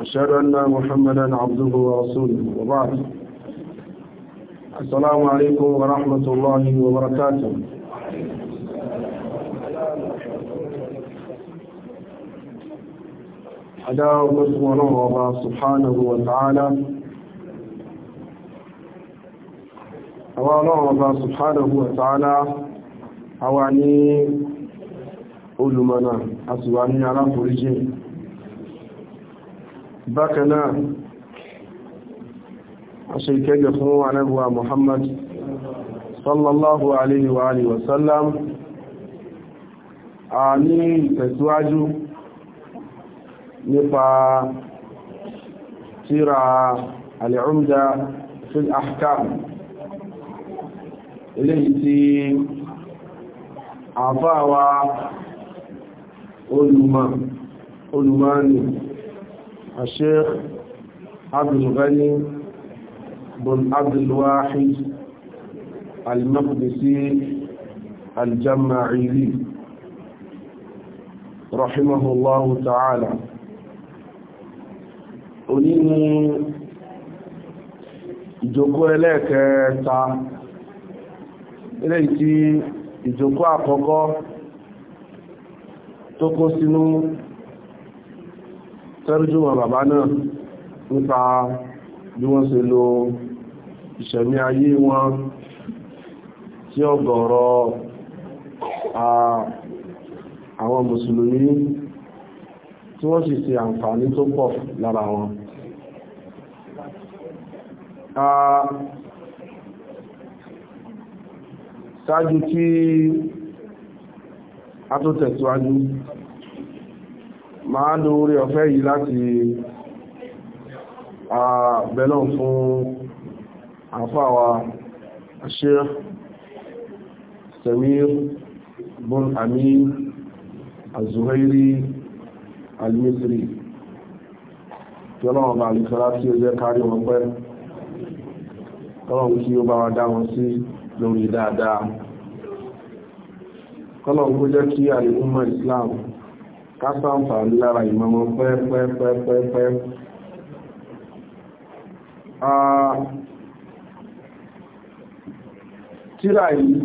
أشهد أن محمدا عبده ورسوله وبعد السلام عليكم ورحمة الله وبركاته أداء مسمونه الله سبحانه وتعالى أولا الله سبحانه وتعالى أواني أولمنا أسواني على فرجين bákan náà a ṣe ìkẹ́gẹ̀ fún anábuwa Muhammad sallallahu alaihi wa alihi wasallam a ní ìtẹ̀síwájú nípa tíra al'umda fil ahkam eléyìí tí àfáwa olùmọ̀ olùmọ̀ nìí الشيخ عبد الغني بن عبد الواحد المقدسي الجماعي رحمه الله تعالى أنيني ìjòkó ẹlẹ́ẹ̀kẹta eléyìí tí ìjòkó àkọ́kọ́ tó kó sínú tẹ́rìjúmọ̀ bàbá náà nípa bí wọ́n ṣe lo ìṣẹ̀mí ayé wọn tí ọ̀gọ̀rọ̀ àwọn mùsùlùmí tí wọ́n sì ṣe àǹfààní tó pọ̀ lára wọn ṣáájú kí a tó tẹ̀síwájú máa lò orí ọ̀fẹ́ yìí láti bẹ̀lọ̀ fún àfáwà Sheikh Samir Bon Amin Az-Zuhairi Al-Misri tí ọlọ́wọ̀n bá lè sọ́lá tí ó jẹ́ kárí wọn pẹ́ kọ́lọ̀n kí ó bá wa dá wọn sí lórí dáadáa kọ́lọ̀n kó jẹ́ kí àlè Ummah Islam kásánfà lára ìmọ̀mọ̀ pẹ́pẹ́pẹ́pẹ́ tíra yìí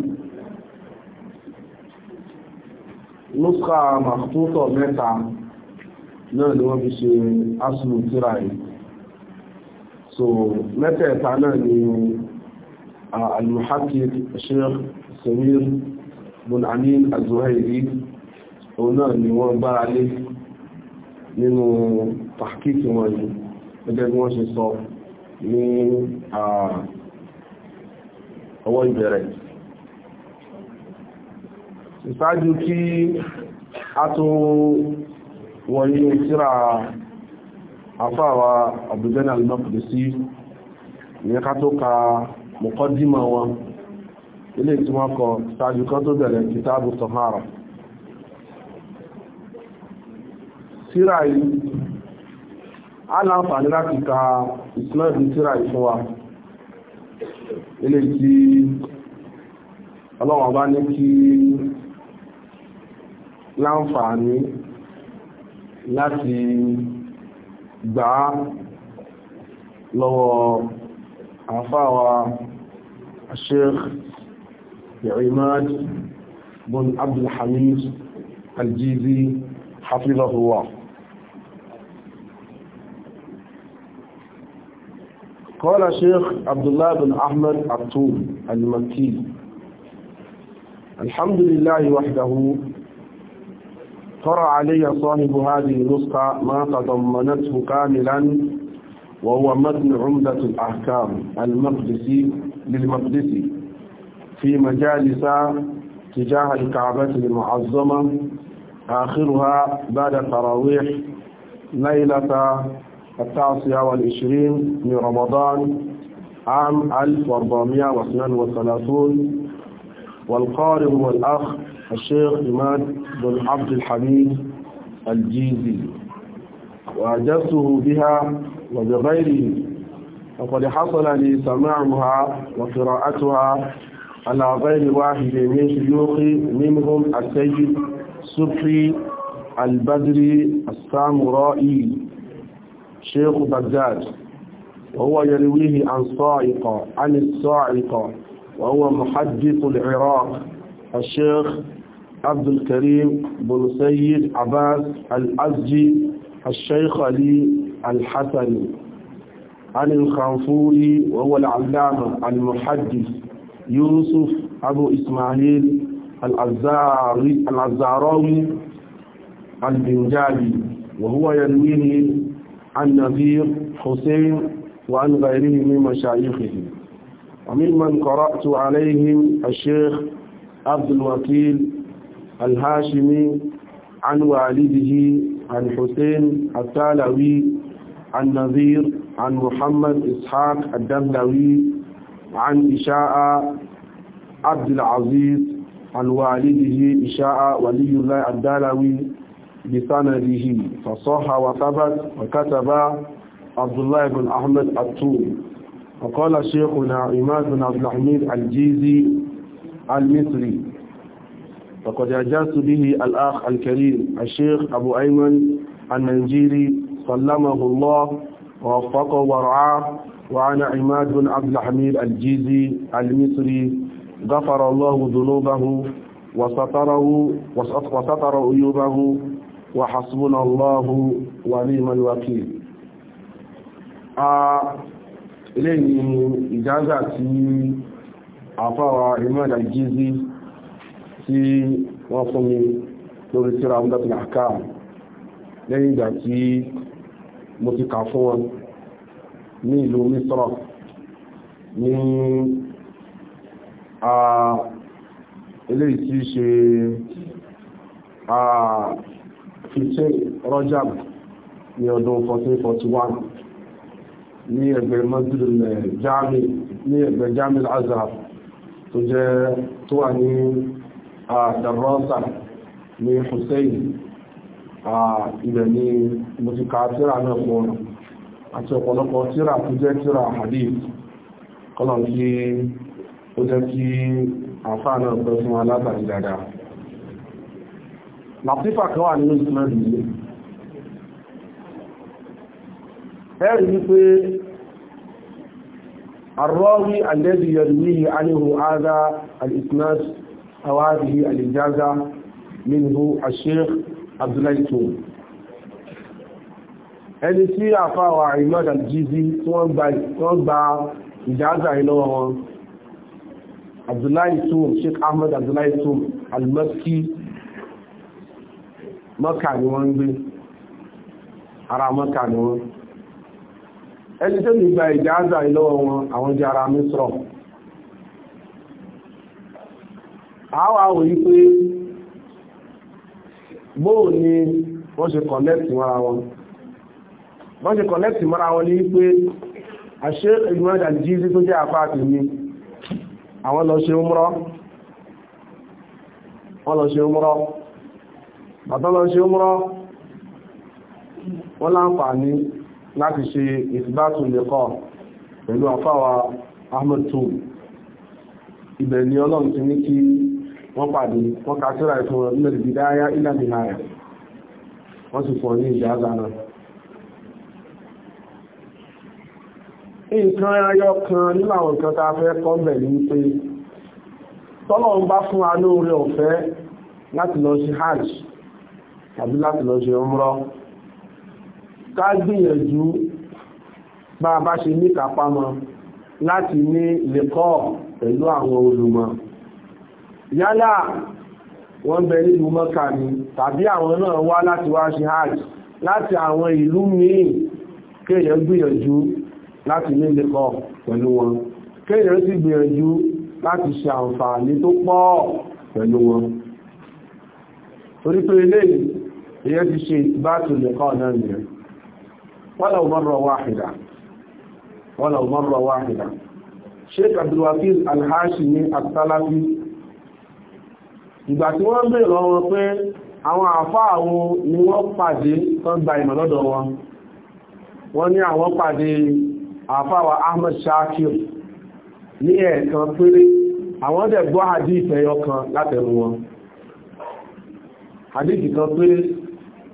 lókà màtútọ̀ mẹ́ta náà ni wọ́n fi ṣe asùlù tíra yìí so mẹ́tẹ̀ẹ̀ta náà ni al-muhakkik samir bin amin az òun náà ni wọ́n gbára lé nínú pàkíkì wọn yìí gẹ́gẹ́ bí wọ́n ṣe sọ ní ọwọ́ ìbẹ̀rẹ̀ ìsáájú kí a tó wọ́n ní tíra afáwa àbújẹ́nà lọ́pùdé sí ní ká tó ka mọ̀kọ́dímọ̀ wọn ilé tí wọ́n kọ sáájú kan tó bẹ̀rẹ̀ kìtàbù tọ̀hárà tíra yìí aláǹfààní láti ka ìsinmẹ́bí tíra yìí fún wa ilé tí ọlọ́wọ̀n bá ní kí láǹfààní láti gbà lọ́wọ́ àfáwà Sheikh Imad bin Abdul Hamid hafizahullah قال شيخ عبد الله بن أحمد الطول المكي الحمد لله وحده قرأ علي صاحب هذه النسخة ما تضمنته كاملا وهو متن عمدة الأحكام المقدسي للمقدسي في مجالس تجاه الكعبة المعظمة آخرها بعد التراويح ليلة التاسع والعشرين من رمضان عام 1432 والقارئ والأخ الشيخ إمام بن عبد الحميد الجيزي وأجزته بها وبغيره وقد حصل لي سماعها وقراءتها على غير واحد من شيوخي منهم السيد صبحي البدري السامرائي شيخ بغداد وهو يرويه عن صاعقة عن الصاعقة وهو محدث العراق الشيخ عبد الكريم بن سيد عباس الأزجي الشيخ علي الحسن عن الخنفوري وهو العلامة المحدث يوسف أبو إسماعيل العزاراوي البنجابي وهو يرويه عن نذير حسين وعن غيره من مشايخهم وممن قرأت عليهم الشيخ عبد الوكيل الهاشمي عن والده عن حسين الثالوي عن نذير عن محمد إسحاق الدهلوي عن إشاء عبد العزيز عن والده إشاء ولي الله الدهلوي بسنده فصح وثبت وكتب عبد الله بن أحمد الطول وقال شيخنا عماد بن عبد الحميد الجيزي المصري فقد أجاز به الأخ الكريم الشيخ أبو أيمن المنجيري سلمه الله ووفقه ورعاه وعن عماد بن عبد الحميد الجيزي المصري غفر الله ذنوبه وستره وستر عيوبه وحسبنا الله ونعم الوكيل eléyìí ìjáza tí àfáwà ìmọ̀dà jízi tí wọ́n fún mi lórí tíra ọmọdé àká lẹ́yìn ìgbà tí mo ti kà fún wọn ní ìlú mísọ́rọ̀ ní eléyìí tí ṣe 15 Rajab ní ọdún 1441 ní ẹgbẹ́ Masjidul Jami ní ẹgbẹ́ Jami al-Azhar tó jẹ́ tó wà ní àdàrọ́sà ní Hussein ibẹ̀ ni mo ti ka tíra náà fún ọ̀nà àti ọ̀pọ̀lọpọ̀ tíra tó jẹ́ tíra hadith kọ́lọ̀ kí ó jẹ́ kí àfáà náà pẹ́ fún alátàrí dáadáa làtífà kan wà nínú ìsinmi ilé ẹ̀rì wípé arọ́wí alẹ́bí yẹ̀rùmí aníhù áza al'isnas awáàdìí alìjáza minhu asheikh abdullahi tó ẹni tí àfáwà imad aljizi tí wọ́n gba ìjáza ìlọ́wọ́ wọn abdullahi tó sheikh ahmed abdullahi tó almaski mọ́kà ni wọ́n ń gbé ara mọ́kà ni wọ́n ẹni tó lè gba ìjáàzà ìlọ́wọ́ wọn àwọn jẹ́ ara mísrọ̀ àwọ̀ àwọ̀ yí pé bóò ni wọ́n ṣe kọ̀lẹ́tì mọ́ra wọn wọ́n ṣe kọ̀lẹ́tì mọ́ra wọn ní pé àṣẹ ìgbìmọ̀dà jíjí tó jẹ́ àpáàtì ni àwọn lọ ṣe ń mọ́rọ́ bàtọ́lọ ṣe umra wọ́n láǹfààní láti ṣe ìsìbátù lẹ́kọ́ pẹ̀lú àfáwà Ahmed Tum ibẹ̀ ni ọlọ́run ti ní kí wọ́n pàdé wọ́n ka síra ìfún ọdún bidaya ila nihaya wọ́n sì fọ́ ní ìjáza náà nǹkan ayọ́ kan nínú àwọn nǹkan ta fẹ́ kọ́bẹ̀ bá fún wa lóore ọ̀fẹ́ láti lọ sí hajj tàbí láti lọ ṣe ọmọrọ ká gbìyànjú bá a bá ṣe ní kápámọ́ láti ní lẹ́kọ́ pẹ̀lú àwọn olùmọ̀ yálà wọ́n bẹ nílùú mọ́kà ni tàbí àwọn náà wá láti wá ṣe hajj láti àwọn ìlú míì kéèyàn gbìyànjú láti ní lẹ́kọ́ pẹ̀lú wọn kéèyàn sì gbìyànjú láti ṣe àǹfààní tó pọ̀ pẹ̀lú wọn torí pé eléyìí èyẹ́ ti ṣe ìbátù lẹ́kọ́ náà nìyẹn wala marra wahida wala marra wahida Sheikh Abdulwakil Al-Hashimi Al-Salafi ìgbà tí wọ́n bèèrè wọn pé àwọn àfáà àwọn ni wọ́n pàdé tán gba ìmọ̀ lọ́dọ̀ wọn wọ́n ní àwọn pàdé àfáà Ahmad Shakir ní ẹ̀ẹ̀kan péré àwọn dẹ̀ gbọ́ hadith kan látẹnu wọn hadith kan péré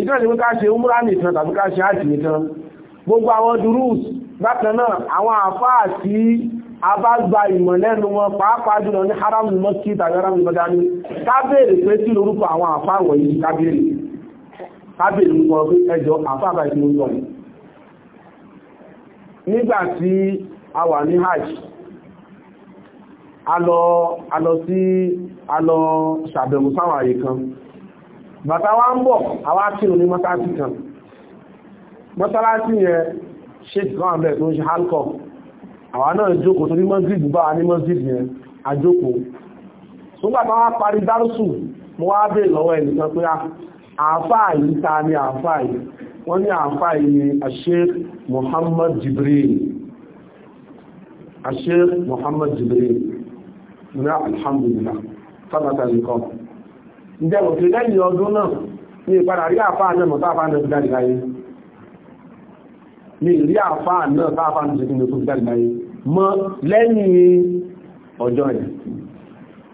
ìtàn ni ká ṣe umra nìkan tàbí ká ṣe àjì nìkan gbogbo àwọn durus bákan náà àwọn àfáà tí a bá gba ìmọ̀ lẹ́nu wọn pàápàá jùlọ ní haram mọ́kí tàbí haram mọ́dá ní ká béèrè pé tí lórúkọ àwọn àfáà wọ̀nyí ká béèrè ká béèrè lórúkọ pé ẹjọ́ àfáà bá ìpínlẹ̀ lórúkọ yìí nígbà tí a wà ní hajj a lọ sí a lọ ṣàbẹ̀wò sáwọn àyè kan bàtà wa ń bọ̀ àwa kí ní mọ́sáàtì kan mọ́sáàtì yẹn ṣe ìkan àbẹ̀ tó ń ṣe halkọ̀ àwa náà jókòó tó ní mọ́síd bá ní mọ́síd yẹn àjókòó ṣùgbà bá wá parí dárúsù mo wá bèè lọ́wọ́ ẹnìkan pé àáfàá yìí ta ni àáfàá ní àáfàá ìjẹ́wò pé lẹ́yìn ọdún náà ní ìpadà rí àfáà náà mọ̀ táfà náà jáde láyé ní ìrí àfáà náà táfà náà jẹ́kí ní tó jáde láyé mọ́ lẹ́yìn ọjọ́ yẹn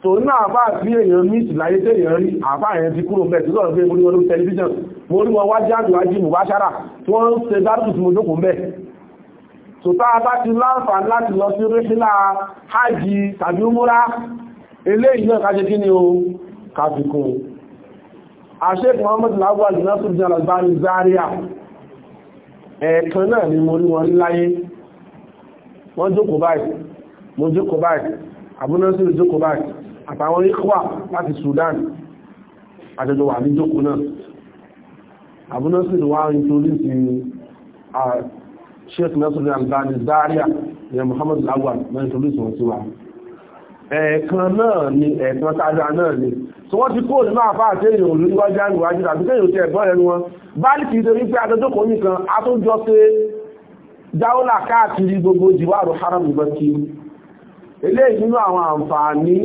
tó náà àfáà sí èèyàn ní ìsìláyé tẹ́ èèyàn rí àfáà yẹn ti kúrò bẹ́ẹ̀ tí mo rí wọn lórí tẹlifíṣàn mo rí wọn wájú àjò ajé mò bá ṣára tí wọ́n ń ṣe dárùkù tí mo jókòó bẹ́ẹ̀ tó tá a bá ti láǹfààní láti lọ sí ríṣílà hajj tàbí umura eléyìí náà ká ṣe kí ni o káfíkún Sheikh Muhammad Lawal Nasiruddin Albani Zaria ẹ̀ẹ̀kan náà ni mo rí wọn láyé wọ́n jókòó báyìí mo jókòó báyìí abúnásí lè jókòó báyìí àtàwọn ikwa láti Sudan àjọjọ wà ní jókòó náà abúnásí lè wá ń torí sí Sheikh Nasiruddin Albani Zaria ìyẹn Muhammad Lawal náà ń torí sí wọn sí wa ẹ̀ẹ̀kan náà ni ẹ̀ẹ̀kan tájá náà ni so wọ́n ti kó ní máa fà àti èèyàn olú níwájú àníwájú tàbí kéèyàn ti ẹ̀gbọ́n ẹnu wọn báyìí kìí torí pé adójókòó nìkan a tó jọ pé dáwọ́là káàkiri gbogbo jìwárò haram ìbọn kí eléyìí nínú àwọn àǹfààní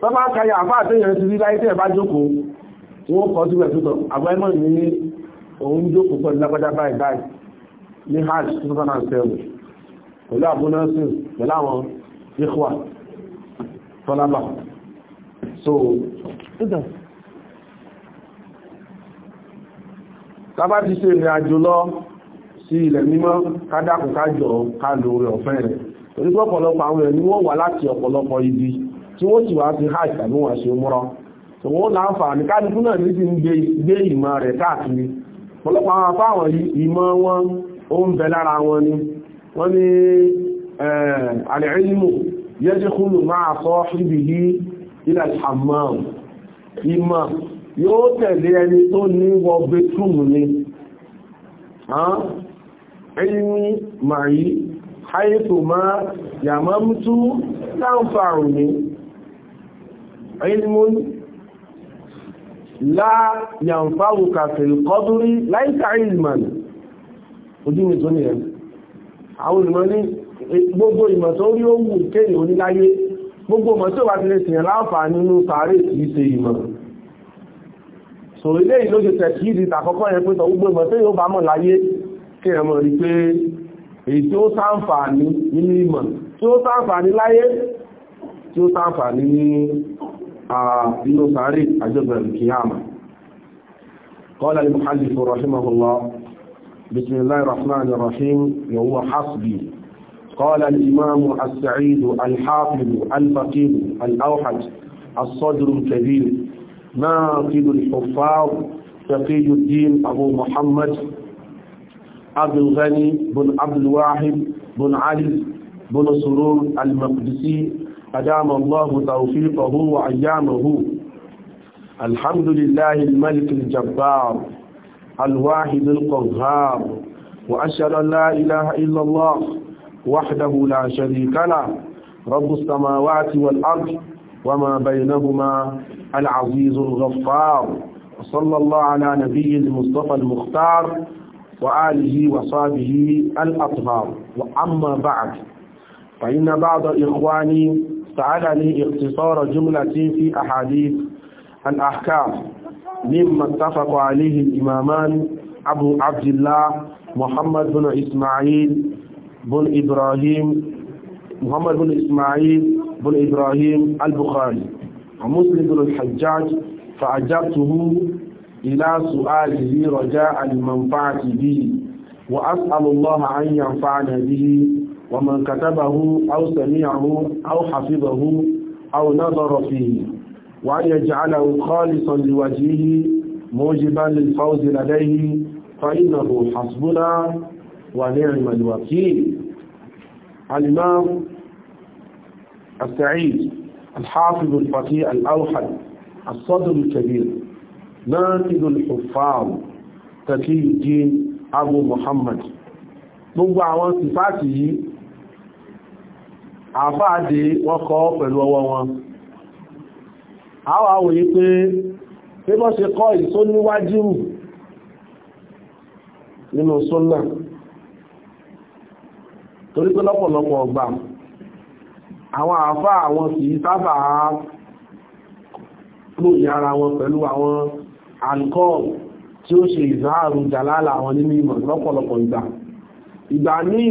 tó máa ń kayà àfà àti èèyàn ti rí láyé tẹ́ẹ̀ bá jókòó wọ́n kọ́ síbẹ̀ tó tọ̀ àgbáyémọ̀ ní òun jókòó pẹ̀lú lágbádá ikhwa Sonaba. So, tábà ti ṣe ìrìn àjò lọ ka ilẹ̀ mímọ́ ka kájọ kálò rẹ̀ ọ̀fẹ́ rẹ̀. Torí pé ọ̀pọ̀lọpọ̀ àwọn ẹ̀ ni ibi ti wọ́n ti wá sí hajj tàbí wọ́n ṣe múra. So wọ́n láǹfààní kálukú náà ní ti ń gbé ìmọ̀ rẹ̀ káàkiri. ni. yẹ́dìkúlù máa sọ ibi yìí ilẹ̀ hammam ìmọ̀ yóò tẹ̀lé ẹni tó ní wọ betúmù ni ẹni màáyí haìtò máa yàmọ́mtú láǹfààrù ni ẹni láyàǹfààrù kàfẹ̀lì kọdúrí láìka ìlmàn ojú mi tó ní ẹ̀ gbogbo ìmọ̀ tó rí owó kéyìn oníláyé gbogbo ìmọ̀ tó wà ti lè sìyàn láǹfààní nínú sàárè kìí ṣe ìmọ̀ so ilé yìí ló ṣe tẹ̀kì ìdí tàkọ́kọ́ yẹn pé sọ gbogbo ìmọ̀ tó yóò قال المحدث رحمه الله بسم الله الرحمن الرحيم وهو حسبي قال الإمام السعيد الحافظ الفقيه الأوحد الصدر الكبير ناقد الحفاظ تقي الدين أبو محمد عبد الغني بن عبد الواحد بن علي بن سرور المقدسي أدام الله توفيقه وأيامه الحمد لله الملك الجبار الواحد القهار وأشهد لا إله إلا الله وحده لا شريك له رب السماوات والأرض وما بينهما العزيز الغفار صلى الله على نبي المصطفى المختار وآله وصحبه الأطهار وأما بعد فإن بعض إخواني سألني اختصار جملة في أحاديث الأحكام مما اتفق عليه الإمامان أبو عبد الله محمد بن إسماعيل بن إبراهيم محمد بن إسماعيل بن إبراهيم البخاري ومسلم بن الحجاج فأجبته إلى سؤاله رجاء المنفعة به وأسأل الله أن ينفعنا به ومن كتبه أو سمعه أو حفظه أو نظر فيه وأن يجعله خالصا لوجهه موجبا للفوز لديه فإنه حسبنا ونعم الوكيل الإمام السعيد الحافظ الفتي الأوحد الصدر الكبير ناقد الحفاظ تكي الدين أبو محمد gbogbo àwọn sífàtì yìí àfáàdé wọ́n kọ́ pẹ̀lú ọwọ́ wọn a wà wòye pé pé bọ́ ṣe kọ́ ìsóníwájú nínú sunnah torí pé lọ́pọ̀lọpọ̀ ọgbà àwọn àfá àwọn kì í sábà lóyìn ara wọn pẹ̀lú àwọn alcohol tí ó ṣe ìzáàrù jàlálà àwọn nínú ìmọ̀ lọ́pọ̀lọpọ̀ ìgbà ìgbà míì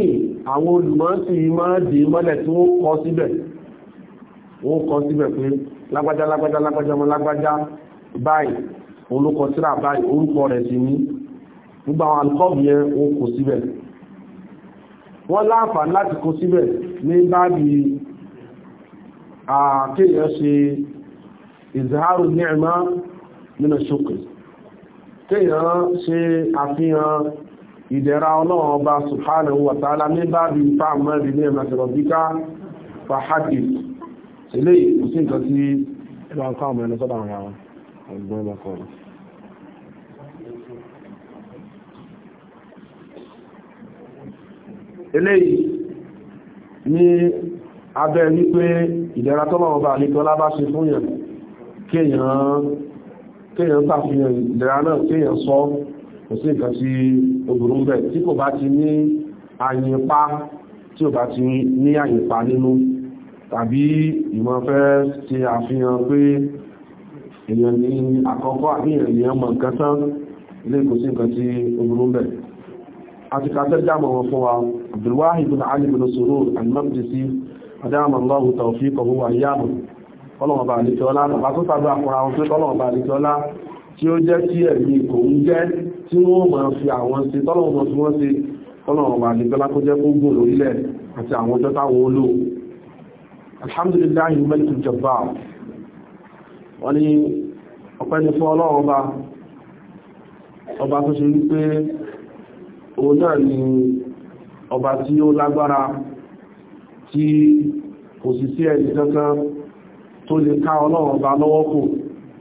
àwọn olùmọ̀ sì máa dé mọ́lẹ̀ tí wọ́n kọ síbẹ̀ wọ́n kọ síbẹ̀ pé lágbájá lágbájá lágbájá ọmọ lágbájá báyìí olùkọ síra báyìí orúkọ rẹ̀ sì ní gbogbo àwọn alcohol yẹn wọ́n kọ síbẹ̀ wọ́n láǹfààní láti kó síbẹ̀ ní báàbí àkéèyàn ṣe ìzàárù ní ẹ̀mọ́ nínú ṣókè kéèyàn ṣe àfihàn ìdẹ̀ra ọlọ́run ọba subhanahu wa ta'ala ní báàbí fáàmọ́ ìrìn ní ẹ̀mọ́ tẹ̀rọ̀bíká fàhádìí eléyìí kò sí nǹkan tí ẹgbà ń kọ́ àwọn ẹni sọ́dọ̀ àwọn ọgbọ́n ẹgbà kọ̀ọ̀rọ̀ eléyìí ní abẹ́ wípé ìdẹ̀ra tọ́lọ́wọ́ bá nítọ́ lábá ṣe fún yàn kéèyàn tàfihàn ìdẹ̀ra náà kéèyàn sọ kò sí nǹkan tí obìnrin bẹ̀ tí kò bá ti ní àyìnpá tí ò bá ti ní àyìnpá nínú tàbí ìmọ̀ fẹ́ ṣe àfihàn pé èèyàn ní àkọ́kọ́ àfihàn èèyàn mọ̀ nǹkan tán ilé kò sí nǹkan tí obìnrin bẹ̀ àti kàtẹ́ dámọ̀ wọn fún wa عبد الواحد بن علي بن سرور المقدسي أدام الله توفيقه وأيامه ọlọ́wọ̀n bá àdíkẹ́ ọlá bá tó tàbí àkùnrà wọn pé ọlọ́wọ̀n bá àdíkẹ́ ọlá tí ó jẹ́ kí ẹ̀mí kò ń jẹ́ tí wọ́n mọ̀ fi àwọn sí tọ́lọ̀wọ̀n tí wọ́n sí ọlọ́wọ̀n bá àdíkẹ́ ọlá kó jẹ́ kó gùn lórílẹ̀ àti àwọn ọjọ́ táwọn olò alhamdulillahi mẹ́lìkì jọba wọ́n ní ọpẹ́ ni fún ọlọ́wọ̀n bá ọba tó ṣe wípé òun náà ni ọba tí ó lágbára tí kò sì sí ẹ̀sì kankan tó lè ká ọlọ́run ọba lọ́wọ́ kò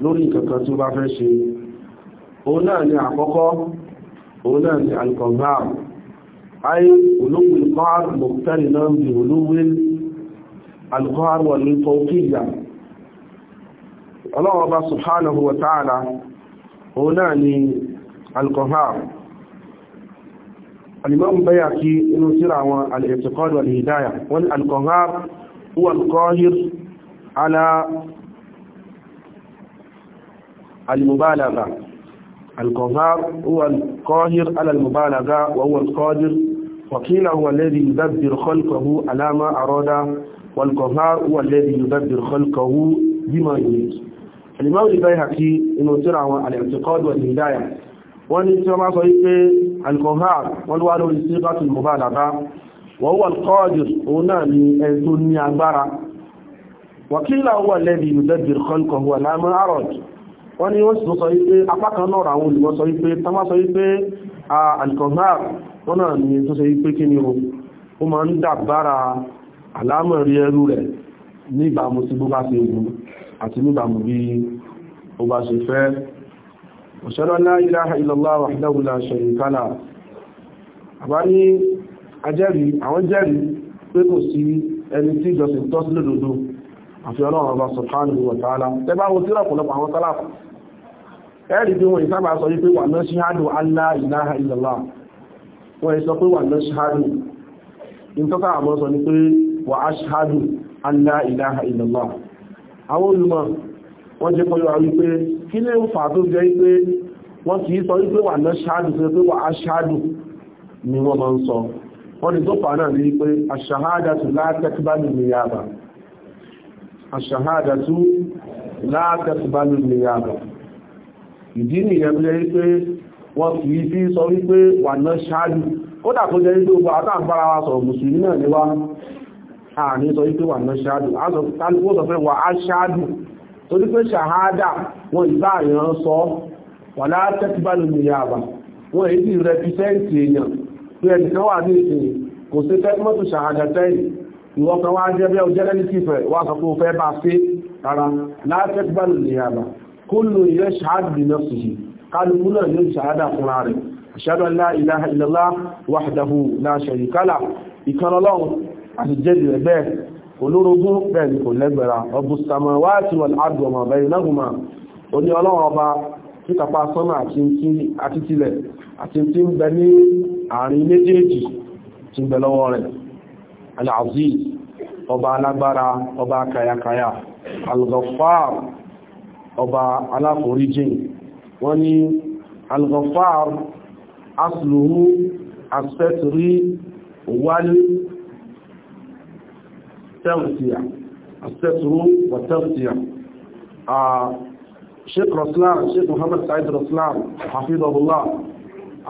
lórí kankan tó bá fẹ́ ṣe òun náà ni àkọ́kọ́ òun náà ni alkọ̀gbáà ayé olóògùn kọ́r mọ̀kútẹ́lì náà bí olówín alkọ́r wà ní fọ́kíyà ọlọ́run ọba subhanahu wa ta'ala òun náà ni alkọ̀gbáà الإمام بياكي إنه سرع الاعتقاد والهداية والقهار هو القاهر على المبالغة القهار هو القاهر على المبالغة وهو القادر وقيل هو الذي يدبر خلقه على ما أراد والقهار هو الذي يدبر خلقه بما يريد الإمام البيهقي إنه سرع الاعتقاد والهداية wọ́n ní tí wọ́n máa sọ wípé alkohol wọ́n wá lórí sí bá tún mọ̀bá àlàbá wọ́n wà kọ́ọ̀dìr òun náà ni ẹni tó ní agbára wàkílà wà lẹ́bi ìlúdẹ́bìr kọ́nkọ̀ wà láàmú àrọ̀d wọ́n ní wọ́n sì sọ wípé apá kan náà àwọn olùgbọ́ sọ wípé tá ni tó sọ wípé kí ni o ó máa ń ó bá ṣe fẹ́ وأشهد أن لا إله إلا الله وحده لا شريك له àbá ní ajẹ́rìí àwọn jẹ́rìí pé kò sí ẹni tí ìjọsìn tọ́ sí lòdòdó àfi wa ta'ala tẹ́bá wọn tí rọ̀pọ̀lọpọ̀ àwọn sálàpù ẹ̀rì bí wọ́n ìsábà sọ wípé wà náà ṣíhádù Allah ilaha illallah wọ́n ìsọ Allah ilaha wọ́n jẹ́ kọ́yọ́ wípé kí lè ń tó jẹ́ wípé wọ́n kìí sọ wípé wà náà ṣáàdù sí pé wà á ṣáàdù ni wọ́n máa ń sọ wọ́n ni tó fà náà ní wípé ìdí nìyẹn tó jẹ́ wọ́n kìí sí sọ wípé wà náà ṣáàdù kódà jẹ́ sọ̀rọ̀ mùsùlùmí náà ni wá sọ wípé torí pé ṣàhádà wọn ìbá àyàn sọ wàlá tẹ́tíbálù nìyàbà wọn èyí sì rẹpísẹ́ǹtì èèyàn pé ẹnìkan wà ní ìsìn kò sí tẹ́tímọ́tò ṣàhádà tẹ́yìn ìwọ́n kan wá jẹ́ bẹ́ ọjọ́ lẹ́ni tí fẹ́ wá sọ pé ó fẹ́ bá sí rárá látẹ́gbàlù nìyàbà kó lò ilẹ̀ ṣàádìí náà sì yìí kálukú ìkan ọlọ́run àti jẹ́ olórogún bẹ́ẹ̀ ni kò lẹ́gbẹ̀ra ọdún samawati wal ardi wa ma baynahuma ó ọba títàpá sánmà àti tilẹ̀ àti tí ń bẹ ní àárín méjèèjì tí bẹ lọ́wọ́ rẹ̀ al ọba alágbára ọba kayakaya al ọba tẹ́wùtìyà àtẹ́tùrú wà tẹ́wùtìyà sheik raslan sheik muhammad said raslan hafidhullah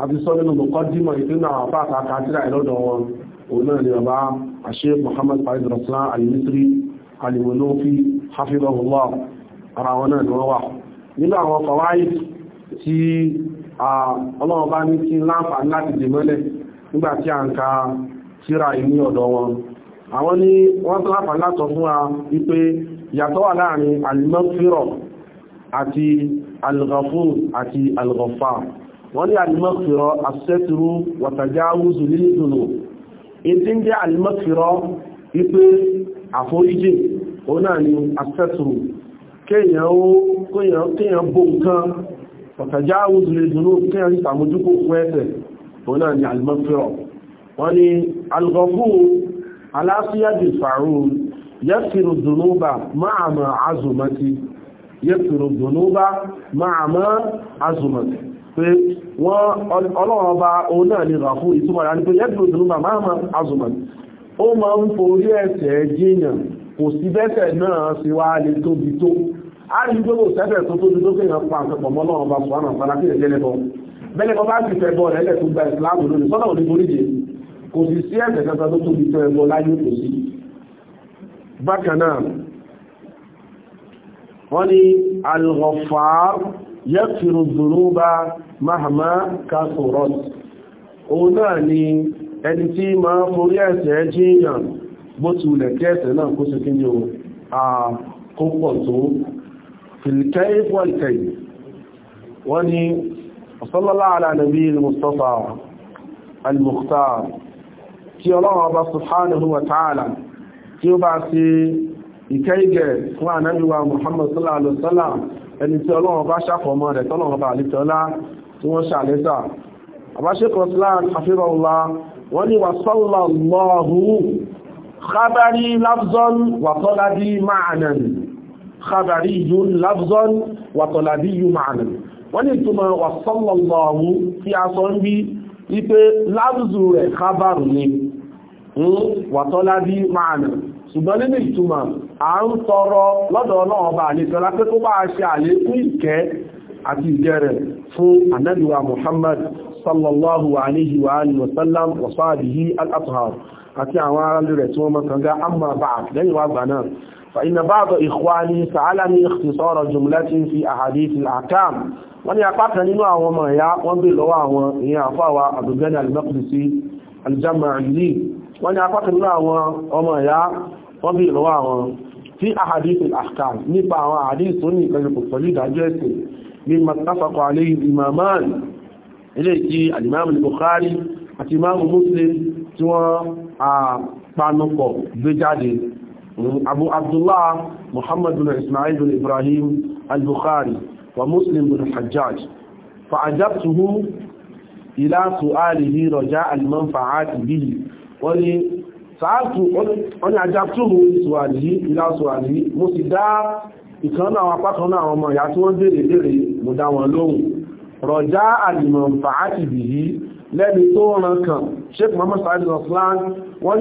àbísọ́ nínú mọ̀kọ́dímọ̀ ìpínlẹ̀ àpá àtàkà àtìrà ìlọ́dọ̀ wọn òun náà ni bàbá sheik muhammad said raslan alimitri alimunofi hafidhullah ara wọn náà ni wọ́n wà nínú àwọn fàwáyì tí ọlọ́run bá ní kí láǹfà láti dìmọ́lẹ̀ nígbàtí à ń ka síra ìní ọ̀dọ̀ wọn àwọn ní wọ́n tó lápàá látọ̀ fún wa wípé yàtọ̀ wà láàrin alimọ́fírọ̀ àti alghafur àti alghafar wọ́n ní alimọ́fírọ̀ asẹ́tìrú wàtàjáwùzù lílìdùnù ìtí ń jẹ́ alimọ́fírọ̀ wípé àforíjì òun náà ni asẹ́tìrú kéèyàn ni alimọ́fírọ̀ wọ́n ní aláfíyàjì fàrún yẹ́fìrù dùnúbà máàmà azùmọ́tí yẹ́fìrù dùnúbà máàmà azùmọ́tí pé wọ́n ọlọ́ọ̀ba òun náà ni rà fún ìtumọ̀ rà ní pé yẹ́fìrù dùnúbà máàmà azùmọ́tí ó máa ń forí ẹ̀ṣẹ̀ jíyàn kò sí bẹ́ṣẹ̀ náà sí wá lè tóbi tó bẹ́lẹ̀ bọ́ bá ti fẹ́ bọ́ rẹ̀ lẹ́tùgbà ìsìláàmù lónìí sọ́dọ̀ òní foríjì kò sì sí ẹ̀ṣẹ̀ kankan tó tóbi tó ẹbọ láyé kò sí bákan náà wọ́n ní al-Ghaffar yaghfiru dhunuba mahama kasurat òun náà ni ẹni tí máa forí ẹ̀ṣẹ̀ jíyàn bó ti wùlẹ̀ kí ẹ̀ṣẹ̀ náà kó sì kíni o wọ́n ní sallallahu ala nabiyil Mustafa kí ọlọ́run ọba subhanahu wa ta'ala kí ó bá ṣe ìkẹ́ìgẹ̀ fún ànábíwa muhammad sallallahu alaihi wasallam ẹni tí ọlọ́run ọba ṣàfọ̀mọ́ rẹ̀ tọ́lọ́run ọba àlítọ́lá tí wọ́n ṣàlẹ́sà àbáṣẹ́kọ̀ islam hafizahullah wọ́n ni wà sallallahu khabari lafzon wa talabi ma'anan khabari yun lafzon wa talabi yun ma'anan wọ́n ni ìtumọ̀ wà sallallahu tí a sọ ń bí wípé lafzu rẹ̀ khabaru ni wàtọ́lá bí máa nà ṣùgbọ́n nínú ìtumọ̀ a ń tọrọ lọ́dọ̀ ọlọ́run bá àlejọ́lá pé kó bá ṣe àlékún ìkẹ́ àti ìjẹrẹ fún anábíwa Muhammad sallallahu alaihi wa alihi wasallam wa sahbihi al-athhar wọ́n ni apáta nínú àwọn ọmọ ìyá wọ́n bí lọ́wọ́ àwọn ìyá àfáwà Abdul Ghani al-Maqdisi al wọ́n ni apákanlá àwọn ọmọ ìyá wọ́n bí ìlọ́wọ́ àwọn tí ahadith al-ahkam nípa àwọn ahadith tó ní ìpẹ̀lẹ̀kù pẹ̀lú ìdájọ́ ẹ̀sìn ní mattafaqu alayhi imaman ilé ìkí al-imam al-bukhari àti imam al-manfa'ati bihi wọ́n ni sàátù ọ̀nà àjàtúrù ìsùwàdí ìlàsùwàdí mo sì dá ìkan náà ọmọ ìyá tí wọ́n béèrè léèrè mo dá wọn lẹ́ni tó ràn kàn sheik mohamed said roslan wọ́n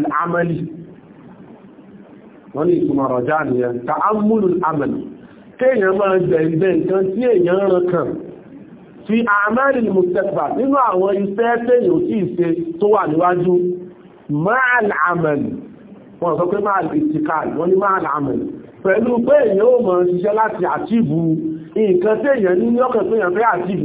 ni máàlì wọ́n ni ìtumọ̀ nìyẹn kéèyàn máa nǹkan tí èèyàn fi àmàrin mùsẹ̀fà nínú àwọn iṣẹ́ tẹ́yìn ò tí ìṣe tó wà níwájú máàlì àmàlì wọ́n sọ pé máàlì ìtìkàlì wọ́n ní máàlì àmàlì pẹ̀lú pé èyàn ò mọ̀ ṣiṣẹ́ láti àtìbù nǹkan tẹ́yìn ní ní ọkàn tẹ́yìn fẹ́ àtìbù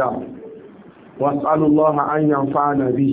yẹn lọ́la الله أن ينفعنا به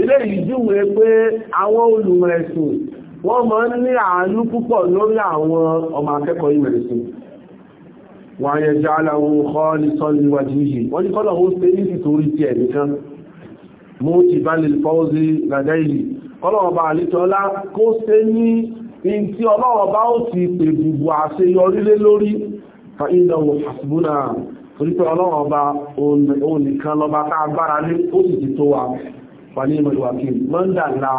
ilé ìjúwe pé àwọn olùmọ̀ ẹ̀sùn wọ́n máa ń ní àánú púpọ̀ lórí àwọn ọmọ akẹ́kọ̀ọ́ ìmọ̀ ẹ̀sùn wọ́n ayẹ jẹ́ aláwọ̀ ọkọ̀ ní sọ́lú níwájú yìí wọ́n ní kọ́lọ̀ ó ṣe ní ìtorí ti ẹ̀nìkan mú ti bá lè fọ́ọ́sí làdẹ́ yìí kọ́lọ̀ọ̀bá àlítọ́lá kó ṣe ní in lórí fa ìdánwò àṣìbúnà torípé ọlọ́ọ̀bá òun nìkan lọ́ba tá agbára ó sì ti tó wa fàní ìmọ̀lúwàkí mọ́ndàlá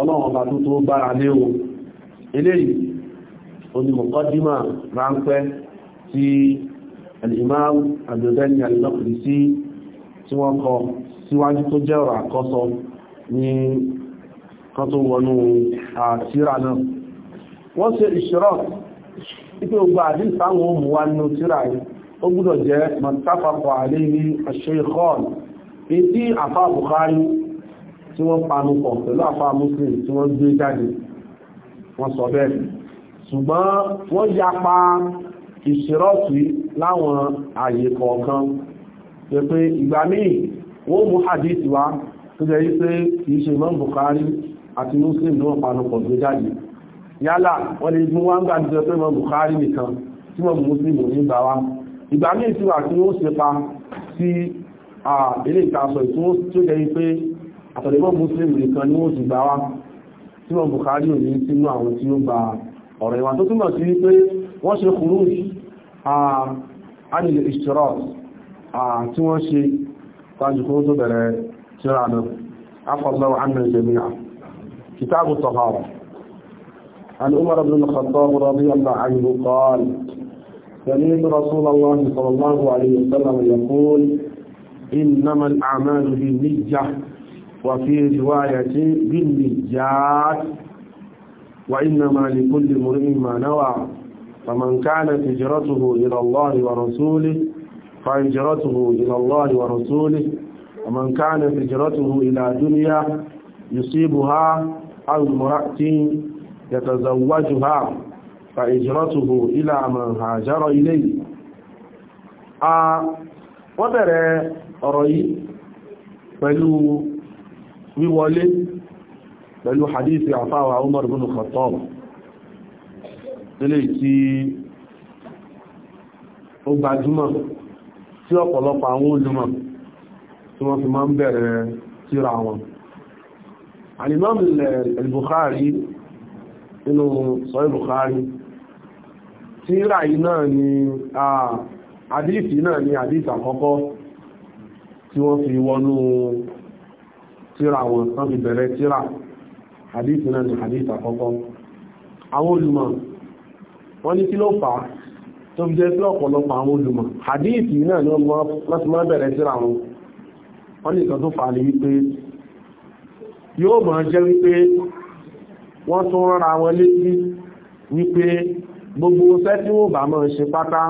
ọlọ́run ọba tó tó gbára lé o eléyìí onímọ̀kọ́dímà ráńpẹ́ tí alìmáàmù àjọ̀dẹ́ni alìlọ́pìlì sí tí wọ́n kọ síwájú tó jẹ́ ọ̀rọ̀ àkọ́sọ ní kan tó wọnú àtírà náà wọ́n ṣe ìṣirọ́ ipé ogbà àdí ìsáwọn ohun wa nínú tírà yìí ó gbúdọ̀ jẹ́ mọ̀tàfàkọ̀ àlé ní ṣe ìkọ́ọ̀lù tí wọ́n panu pọ̀ pẹ̀lú àfáà muslim tí wọ́n gbé jáde wọ́n sọ bẹ́ẹ̀ ṣùgbọ́n wọ́n yapa ìṣirọ́tù láwọn àyè kọ̀ọ̀kan pé pé ìgbà míì wọ́n mú hadith wá tó jẹ́ wípé kìí ṣe mọ́ Bukhari àti muslim ní wọ́n panu pọ̀ gbé jáde yálà wọ́n lè mú wá ń gbà jẹ́ pé mọ́ Bukhari nìkan tí wọ́n mú muslim ò ní gbà wá ìgbà míì tí wà tí wọ́n ṣe pa sí ilé ìtàṣọ ìtúwó tí jẹ́ wípé àtọ̀lẹ́gbọ́ muslim nìkan ni wọ́n ti gbà wá tí wọ́n Bukhari ò ní sínú àwọn tí ó gba ọ̀rọ̀ ìwà tó túnmọ̀ sí wípé wọ́n ṣe khuruj anil ishtirat tí wọ́n ṣe tàjùkú tó bẹ̀rẹ̀ إنما الأعمال بالنية وفي رواية بالنجات وإنما لكل مرئ ما نوى فمن كانت هجرته إلى الله ورسوله فهجرته إلى الله ورسوله ومن كانت هجرته إلى دنيا يصيبها أو امرأة يتزوجها فهجرته إلى من هاجر إليه آه وبرأ أرأي pẹ̀lú wíwọlé pẹ̀lú hadithi àfáwà Umar bin Khattab ilé tí ó gbajúmọ̀ tí ọ̀pọ̀lọpọ̀ àwọn olùmọ̀ tí wọ́n fi máa ń bẹ̀rẹ̀ síra wọn al-Imam al-Bukhari inú Sahih Bukhari tíra yìí náà ni hadithi náà ni hadithi àkọ́kọ́ tí wọ́n fi wọnú tíra wọn tán fi bẹ̀rẹ̀ tíra hadith náà ni hadith àkọ́kọ́ àwọn olùmọ̀ wọ́n ní kí ló fà á tó fi jẹ́ sí ọ̀pọ̀lọpọ̀ àwọn olùmọ̀ hadith náà ni wọ́n ti máa bẹ̀rẹ̀ tíra wọn wọ́n ní ìkan tó fà á ní wípé yóò máa jẹ́ wípé wọ́n tún rárá wọn létí wípé gbogbo ṣẹ́ tí wọ́n bá máa ṣe pátá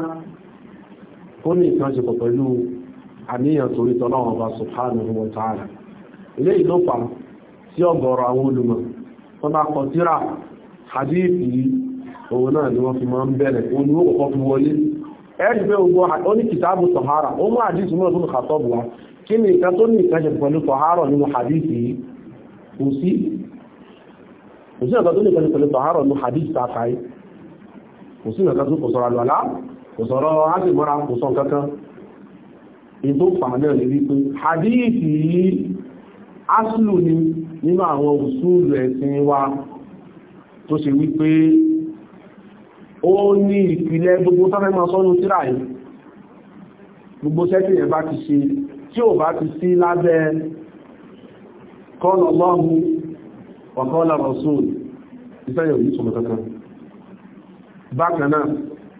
kó ní ìkan ṣe pọ̀ pẹ̀lú àníyàn torí tọ́lọ́wọ́n bá subhanahu wa ta'ala eléyìí ló fà sí àwọn olùmọ̀ wọ́n bá kọ síra hadith òun náà ni wọ́n fi máa ń bẹ̀rẹ̀ òun ni ó kọ́kọ́ fi wọlé ẹ̀rí pé oníkìtàbù sọ̀hárà ó mú hadith mọ́ ọdún kàtọ́bù kí ni nǹkan tó ní ìkàṣẹ pẹ̀lú sọ̀hárà nínú hadith kò sí kò sí nǹkan tó ní ìkàṣẹ pẹ̀lú sọ̀hárà nínú tàkàí kò sí tó kò sọ̀rọ̀ aṣìlù ni nínú àwọn òṣùlù ẹ̀sìn wa tó ṣe wípé ó ní ìpìlẹ̀ gbogbo tọ́fẹ́ máa sọ́nù tíra yìí gbogbo sẹ́kìn ẹ̀ bá ti ṣe tí ò bá ti sí lábẹ́ kọ́nà lọ́hùn ọ̀kọ́lá rọ̀sùn ìfẹ́yẹ̀ òyí sọmọ̀ kankan bákan náà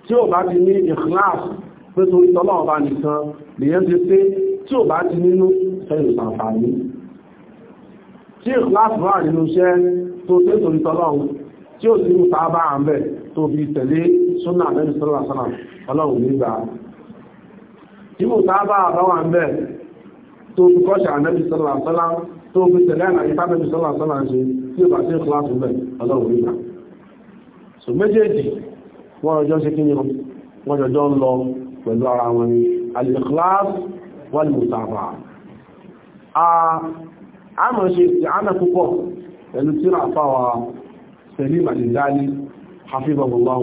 tí ò bá ti ní ìkìláàs pé nínú fẹ́yẹ̀ sàǹfààní tí ìkìláàsì wà nínú iṣẹ́ tó tẹ́ torí tọ́lọ́run tí ó sì ń ta bá à ń bẹ̀ tó fi tẹ̀lé súnà àbẹ́ni sọ́lá sọ́lá ọlọ́run nígbà tí mo ta bá àbá wà ń bẹ̀ tó fi kọ́ṣà àbẹ́ni sọ́lá sọ́lá tó fi tẹ̀lé àlàyé tábẹ́ni sọ́lá a mọ̀ ṣe ìsìnkú púpọ̀ pẹ̀lú tíra fáwà Salim al-Ghazali hafizahullahu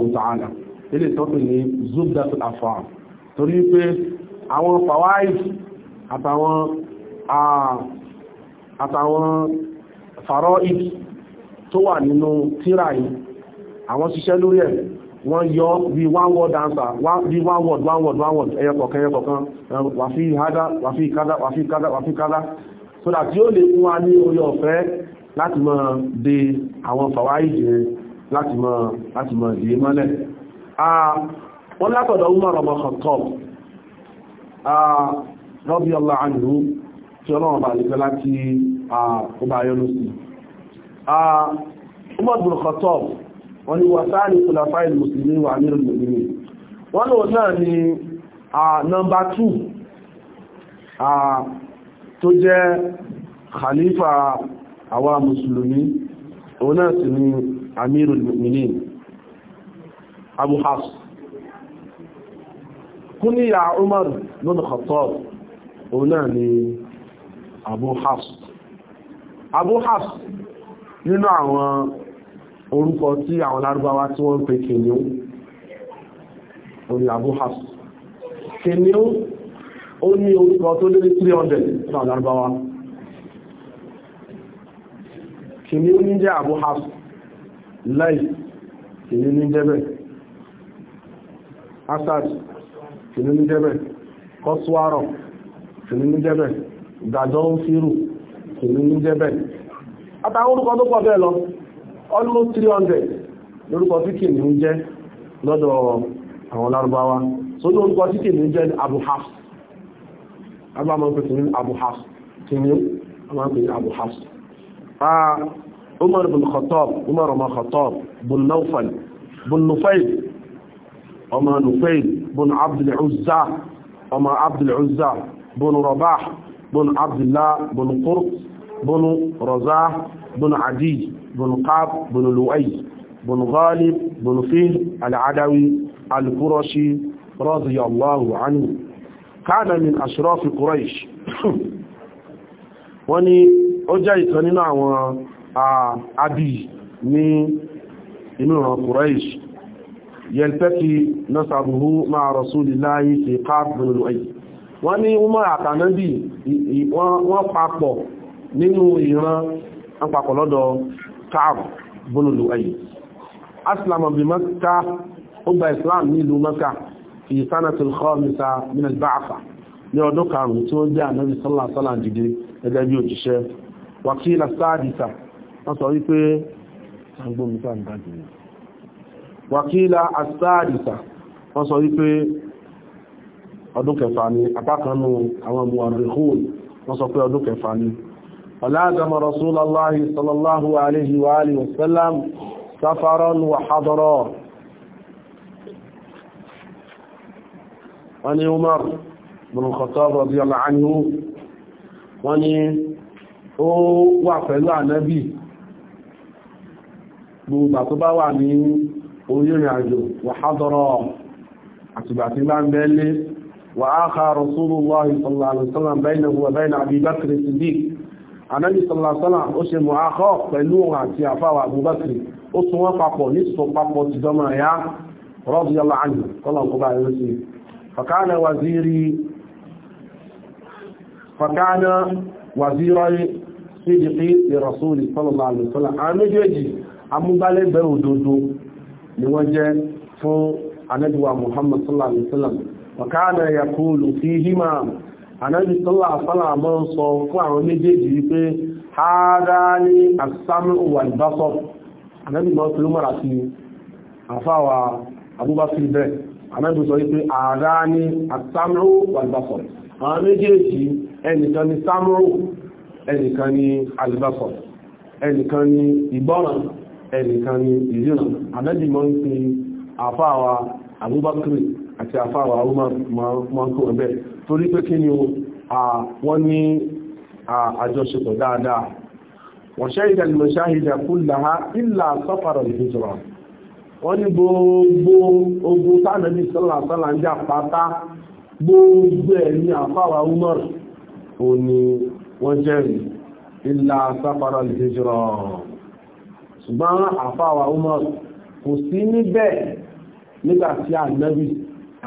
àwọn ṣiṣẹ́ lórí ẹ̀ wọ́n yọ bí one word answer one word one word one word ẹyọkọ̀kan ẹyọkọ̀kan wàfí kádá wàfí kádá wàfí kádá sọ́dá tí ó lè fún wa ní orí ọ̀fẹ́ láti mọ́ de àwọn fàwá ìjẹ́ láti mọ́ láti mọ́ ìdí mọ́lẹ̀ wọ́n látọ̀dọ̀ Umar ibn Khattab radiyallahu anhu tí ọlọ́run bá lè fẹ́ láti ọba ayọ́nú sí Umar ibn Khattab wọ́n ni wàtáàlì khulafa'il muslimin wa amirul mu'minin wọ́n lò náà ni nọ́mbà 2 tó jẹ́ khalifa àwa mùsùlùmí òun náà sì ni amirul mu'minin abu hafs kúníyà umar ibn khattab òun náà ni abu hafs abu hafs nínú àwọn orúkọ tí àwọn lárúbáwá tí wọ́n pè kìnìún òun ni abu hafs kìnìún ó ní orúkọ tó lé ní 300 fún àlárúbáwá kìíní ó ní jẹ́ àbú hafs láì kìíní ní jẹ́bẹ̀ asad kìíní ní jẹ́bẹ̀ kọ́sùwárọ̀ kìíní ní jẹ́bẹ̀ dàjọ́ fírù kìíní ní jẹ́bẹ̀ àtàwọn orúkọ tó pọ̀ bẹ́ẹ̀ lọ almost 300 lórúkọ tí kìíní ń jẹ́ lọ́dọ̀ àwọn lárúbáwá sójú orúkọ tí kìíní ń jẹ́ abu hafs abá máa ń pè kìnìún Abu Hafs kìnìún a máa ń pè Abu Hafs Umar bin Khattab Umar ọmọ Khattab bin Nawfal bin Nufayl ọmọ Nufayl bin Abdul Uzza ọmọ Abdul Uzza bin Rabah bin Abdullah bin Qurt bin Razah bin Adi bin Qab bin Lu'ay bin Ghalib bin Fihr al-Adawi al-Qurashi radiyallahu kana min ashrafi Quraysh wọ́n ní ó jẹ́ ìkan nínú àwọn àbí ní inú ìran Quraysh yẹlpẹ́kì nasabuhu ma'a rasulillahi fi Qa'b bin Lu'ay wọ́n ní Umar àtànábì wọ́n papọ̀ nínú ìran àpapọ̀ lọ́dọ̀ Qa'b bin Lu'ay aslama bi Makkah ó Islam ní ìlú fi sanatul khamisa min al-ba'sa ní ọdún karùn-ún tí ó jẹ́ ànábì sallallahu alaihi wasallam dìde gẹ́gẹ́ bí òjíṣẹ́ wàkílà sáàdìsà wọ́n sọ wípé wàkílà sáàdìsà wọ́n sọ wípé ọdún kẹfà ni apákanú àwọn muwarrikhun wọ́n sọ pé ọdún kẹfà ni ọláàdàmà rasúlọ́láhì sallallahu alaihi wa alihi wasallam safaran wa wọ́n ní Umar bin Khattab radiyallahu anhu wọ́n ní ó wà pẹ̀lú ànábì gbogbo tó bá wà ní orírin àjò wà hádọ́rọ̀ àtìgbà tí bá ń bẹ́lé wà áhà Rasulullahi sallallahu alaihi wasallam bainahu wa bain Abi Bakr Siddiq ànábì sallallahu alaihi wasallam ó ṣe mọ̀ áhọ́ pẹ̀lú òun àti àfáwà Abubakar ó فكان وزيري فكان وزيري صدقي لرسول صلى الله عليه وسلم àmẹ́jẹ́jì amúgbálẹ́gbẹ̀ẹ́ òdodo ni wọ́n jẹ́ fún anẹ́dùwà Muhammad sallallahu alaihi wasallam وكان يقول فيهما anẹ́dù sallallahu alaihi wasallam mọ́ sọ fún àwọn méjèèjì wípé hádá ní as-sam'u wal-basar anẹ́dù mọ́ anábì sọ wípé ààrá ní àtàmúrò wàlbàfọ̀ àwọn méjèèjì ẹnìkan ni sàmúrò ẹnìkan ni àlbàfọ̀ ẹnìkan ni ìgbọ́ràn ẹnìkan ni ìríran anábì mọ́ ń pe àfáàwà Abubakar àti àfáàwà Umar mọ́ ń kó ẹ̀bẹ̀ torí pé kí ni wọ́n ní wọ́n ní gbogbo ogun tánàbí sọ́là sọ́là ń já pátá gbogbo ẹ̀ ní àfáwà umar ò ní wọ́n jẹ́rìí ilá sáfàrà al-hijra ṣùgbọ́n àfáwà umar kò sí níbẹ̀ nígbàtí ànábì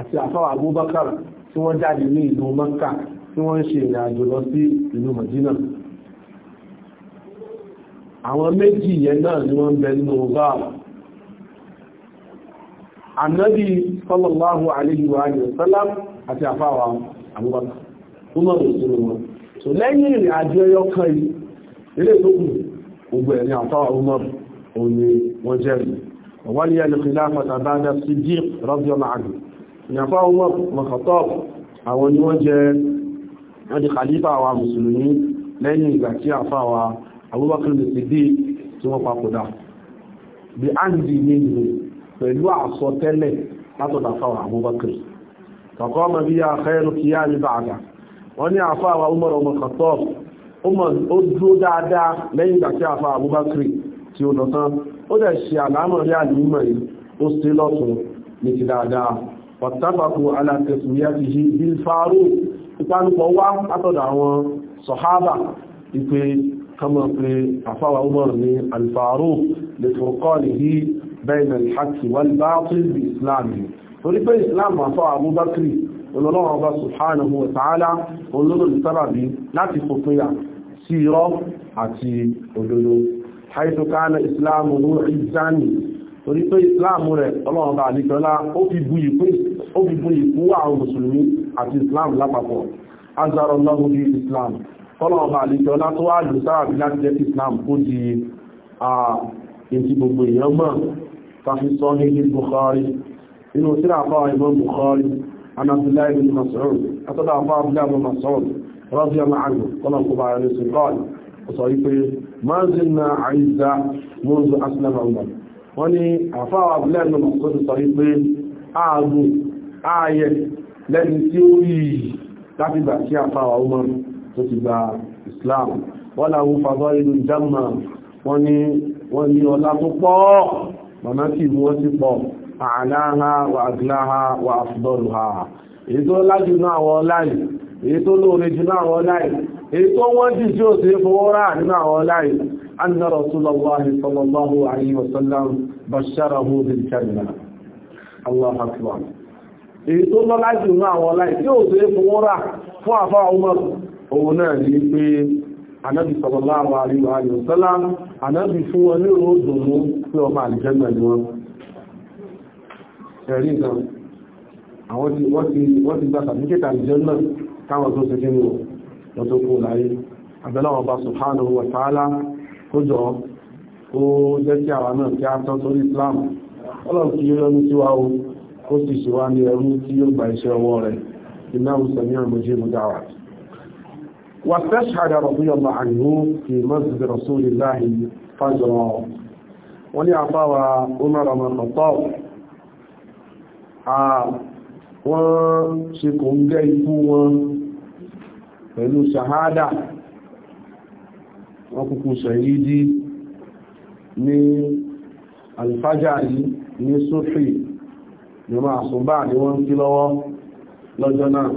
àti àfáwà abubakar tí wọ́n jáde ní ìlú maka tí wọ́n ń ṣe ìrìn àjò lọ sí ìlú madina àwọn méjì yẹn náà ni wọ́n ń bẹ nínú gáà annabi sallallahu alaihi wa sallam àti àfáwà àbúgbàtà umar òsìnà wọn so lẹ́yìn ìrìn àjò ẹyọ kan yìí ilé ìtókù gbogbo ẹ̀rí àfáwà umar òní wọ́n jẹ́rì wọ́n ni ẹni fìlà pàtà bá dá sí jí radiyallahu anhu ni àfáwà umar makhatab àwọn ni wọ́n jẹ́ pẹ̀lú àsọtẹ́lẹ̀ látọ̀dà fáwọn Abubakar kọ̀kọ́ ọmọ bí i àkẹ́rù kí yá ní bàdà wọ́n ní àfá àwọn Umar ọmọ kọ̀tọ́ ó dúró dáadáa lẹ́yìn ìgbà tí àfá Abubakar tí ó lọ tán ó dẹ̀ ṣe àlámọ̀ rí àlùmọ̀ yìí ó sí lọ́tún ní ti dáadáa ọ̀tábàkù alátẹ̀sùmíyàtì yìí bẹ́ẹ̀nà ìhàkì wal bátil bí ìsìláàmù torí pé ìsìláàmù àfọ́ àbúbákìrì olólọ́wọ́ bá subhanahu wa ta'ala olólùn sábàbí láti fòpinya sí irọ́ àti òdodo haythu kana ìsìláàmù ní ìzáni torí pé ìsìláàmù rẹ̀ ọlọ́wọ́ bá àlìkọ́lá ó fi bu ìkún ففي صحيح البخاري إنه سرع طاعة إمام البخاري عن عبد الله بن مسعود أتدع عبد الله بن مسعود رضي الله عنه قال القبعة عليه قال وصحيح ما زلنا عزة منذ أسلم عمر وني عفا عبد الله بن مسعود صحيح أعبو آية لن تيوي láti gbà tí àfáwà Umar tó ti gba Islam wọ́n láwọn fàbọ́ ìlú jama wọ́n mọ̀nàtí wọ́n ti pọ̀ àláha wà àgláha wà àfùdọ́lù ha èyí tó lájú náà wọ́n láì èyí tó lóore jù náà wọ́n láì èyí tó wọ́n jù tí ó sì fowó rà nínú àwọn láì anna rasulallah sallallahu alayhi wa sallam basharahu bil kalima allah akbar èyí tó umar anábì sallallahu alaihi wa sallam anábì fún wọn ní òdòdó pé ọmọ àlìjẹ́gbẹ̀ ni wọn ẹ̀rí nǹkan àwọn tí wọ́n ti gba sàtíkẹ́tà àlìjẹ́gbẹ̀ káwọn tó ṣe kínú wọn tó kú láyé àbẹ́láwọn bá subhanahu wa واستشهد رضي الله عنه في مسجد رسول الله فجرا ولعطاوى عمر بن الخطاب wọ́n ṣe kò ń gẹ́ ikú wọn pẹ̀lú ṣàhádà wọ́n kúkú ṣàyídí ní alifájà yìí ní sófì ní máa sùn bá ní wọ́n kí lọ́wọ́ lọ́jọ́ náà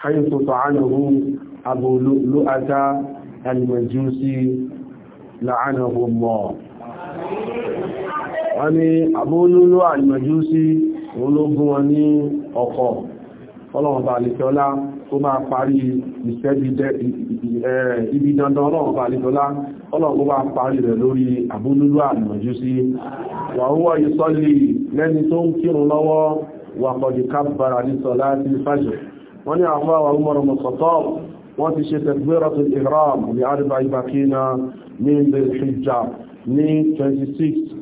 hayi tó tọ́ ánìhún abu lu'ata al-majusi la'anahu Allah wọ́n ni abu lu'ata al-majusi ológun wọn ní ọkọ̀ ọlọ́run bá alìkọ́lá tó máa parí ibi dandan ọlọ́run bá alìkọ́lá ọlọ́run bá parí rẹ̀ lórí abúlúlú àmọ̀jú sí wàhúwọ́ ìsọ́lì lẹ́ni tó ń kírun lọ́wọ́ wàkọ̀dì kábàrà ní sọ láti fàjọ wọ́n ní àwọn àwọn ọmọ wọ́n ti ṣe takbiratul ihram ní àdìbà ìbàkínà ní zulhijjá ní 26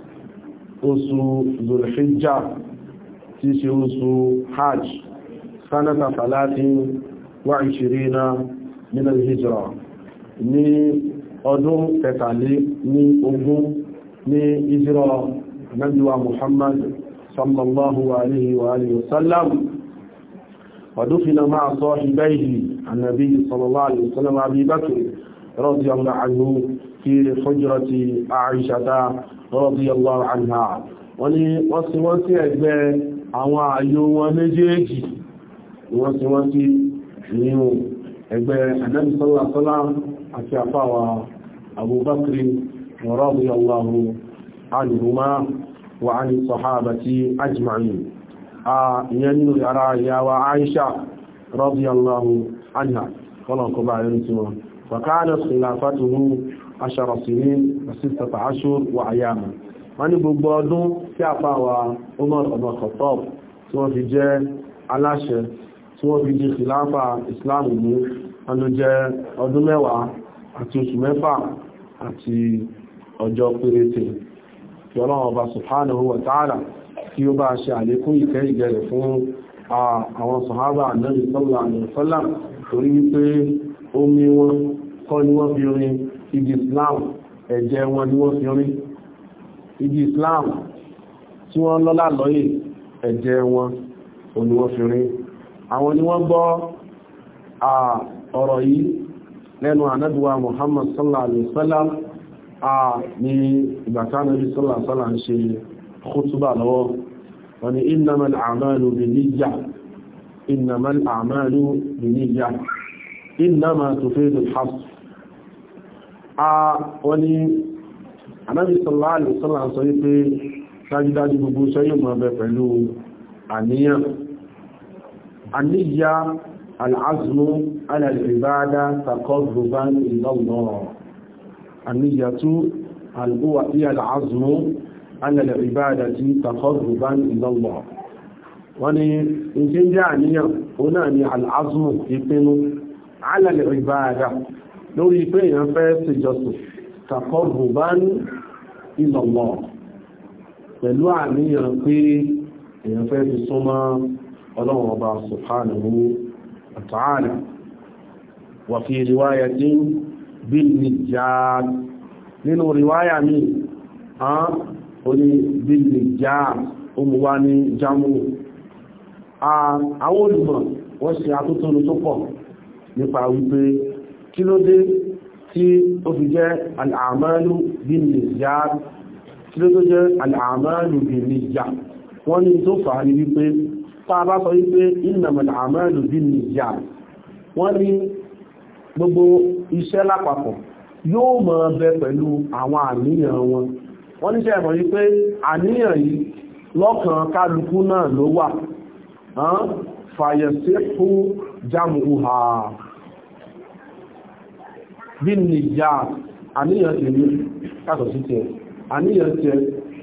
oṣù zulhijjá tí ṣe oṣù hajj sanata salatin wa ishirina min al-hijra ní ọdún kẹtàlé ní ogún ní ìjírọ̀ nàbíwa muhammad sallallahu alaihi wa alihi wasallam ودفن مع صاحبيه النبي صلى الله عليه وسلم أبي بكر رضي الله عنه في حجرة عائشة رضي الله عنها ولي وصوتي أجباء àwọn àyò wọn méjèèjì wọ́n tí wọ́n tí nínú ẹgbẹ́ Ànábì sallallahu alaihi wasallam àti àfáwà Abubakri radiyallahu anhuma wa ani sahabati ajma'in a ìyẹn nínú yàrá ìyàwó Aisha radiyallahu عنها فلان قبع ينسوا فكانت خلافته عشر سنين وستة عشر وأياما wọ́n ní gbogbo ọdún tí a fa wa Umar ọmọ Khattab tí wọ́n fi jẹ́ aláṣẹ tí wọ́n fi di khilafa Islam mú ọdún jẹ́ ọdún mẹ́wàá àti oṣù mẹ́fà àti ọjọ́ péréte kí Ọba subhanahu wa ta'ala kí ó bá ṣe àlékún ìkẹ́ ìgẹ̀rẹ̀ fún àwọn sàhábà Ànábì sallallahu alaihi wasallam torí wípé omi wọn kọ́ ni wọ́n fi rin igi Islam ẹ̀jẹ̀ wọn ni wọ́n fi rin igi Islam tí wọ́n lọ́lá lọ́yè ẹ̀jẹ̀ wọn ò ní wọ́n fi rin àwọn ni wọ́n gbọ́ ọ̀rọ̀ yìí lẹ́nu ànábíwá Muhammad sallallahu alaihi wasallam a ní ìgbàtánàbí sallallahu alaihi ṣe khutbah lọ́wọ́ wọ́n ni innamal a'malu bin niyyah إنما الأعمال بالنية إنما تفيد الحصر wani anábi sallallahu alaihi wasallam sọ wípé dájúdájú gbogbo iṣẹ́ yóò máa bẹ pẹ̀lú àníyàn àníyà al'azmu ala al-ibada taqarruban ila Allah àníyàtú al'uwa iya al'azmu ala al-ibadati taqarruban ila Allah wọ́n ní ìṣe jẹ́ àníyàn òun náà ni al-azmu ìpinnu alàlẹ̀ ìbáadà lórí pé èèyàn fẹ́ ṣèjọsìn taqarruban ila Allah pẹ̀lú àníyàn pé èèyàn fẹ́ fi súnmọ́ ọlọ́run ọba subhanahu wa ta'ala wa fi riwayatin ní jámù àwọn olùmọ̀ wọ́n ṣe àtútúnu tó pọ̀ nípa wípé kí ló dé tí ó fi jẹ́ al'amalu bin niyyat kí ló tó jẹ́ al'amalu bin niyyat wọ́n ní tó fà ní wípé tàà bá sọ wípé innamal wọ́n ní gbogbo iṣẹ́ lápapọ̀ àníyàn yìí lọ́kàn kálukú náà ló wà fàyẹ̀síhù jámùhà bí nìyà àníyàn ti rí kásọ̀ sí tẹ̀ àníyàn tẹ̀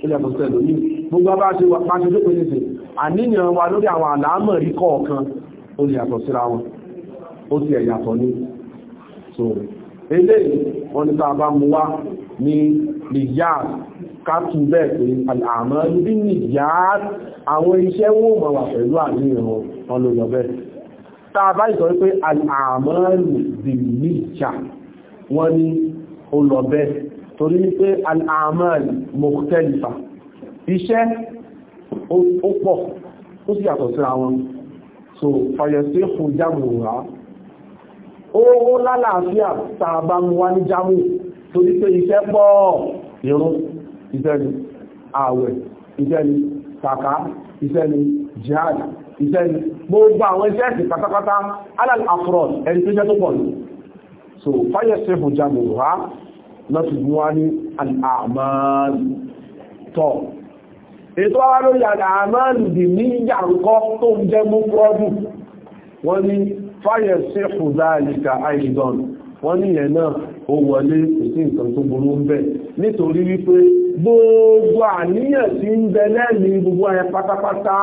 ilẹ̀kùn tẹ̀lò ní gbogbo bá ṣe wà pàṣẹ tó pèsè tẹ̀ àníyàn wa lórí àwọn àlàámọ̀ rí kọ̀ọ̀kan ó síra wọn so ni ní riyad kátù bẹ́ẹ̀ pé àmọ́ bí riyad àwọn iṣẹ́ wọ́n mọ̀ wà pẹ̀lú àníyàn wọn ló lọ bẹ́ẹ̀ tá a bá ìsọ pé àmọ́ bí níjà wọ́n ní ó lọ bẹ́ẹ̀ torí wípé àmọ́ mọ̀tẹ́lifà iṣẹ́ ó pọ̀ ó sì yàtọ̀ síra wọn so fàyẹ̀sí fún jámù rà ó lálàáfíà tàbá ní jámù torí pé iṣẹ́ pọ̀ ìrun iṣẹ́ ni ààwẹ̀ iṣẹ́ ni sàká iṣẹ́ ni jihad iṣẹ́ ni gbogbo àwọn iṣẹ́ ẹ̀sìn pátápátá alal afrod ẹni tó jẹ́ tó pọ̀ so fire sẹ́fù jamu ha lọ́sì mú wá ní àmàlù tọ̀ ètò wá lórí àmàlù dì ní yàǹkọ́ tó ń jẹ́ mú pọ́dù wọ́n ní fáyẹ sẹ́fù dáàlìkà àìdán wọ́n ní yẹn náà ó wọlé kò sí nǹkan tó burú ń bẹ̀ nítorí wípé gbogbo àníyàn tí ń bẹ lẹ́ẹ̀ni gbogbo ayẹ pátápátá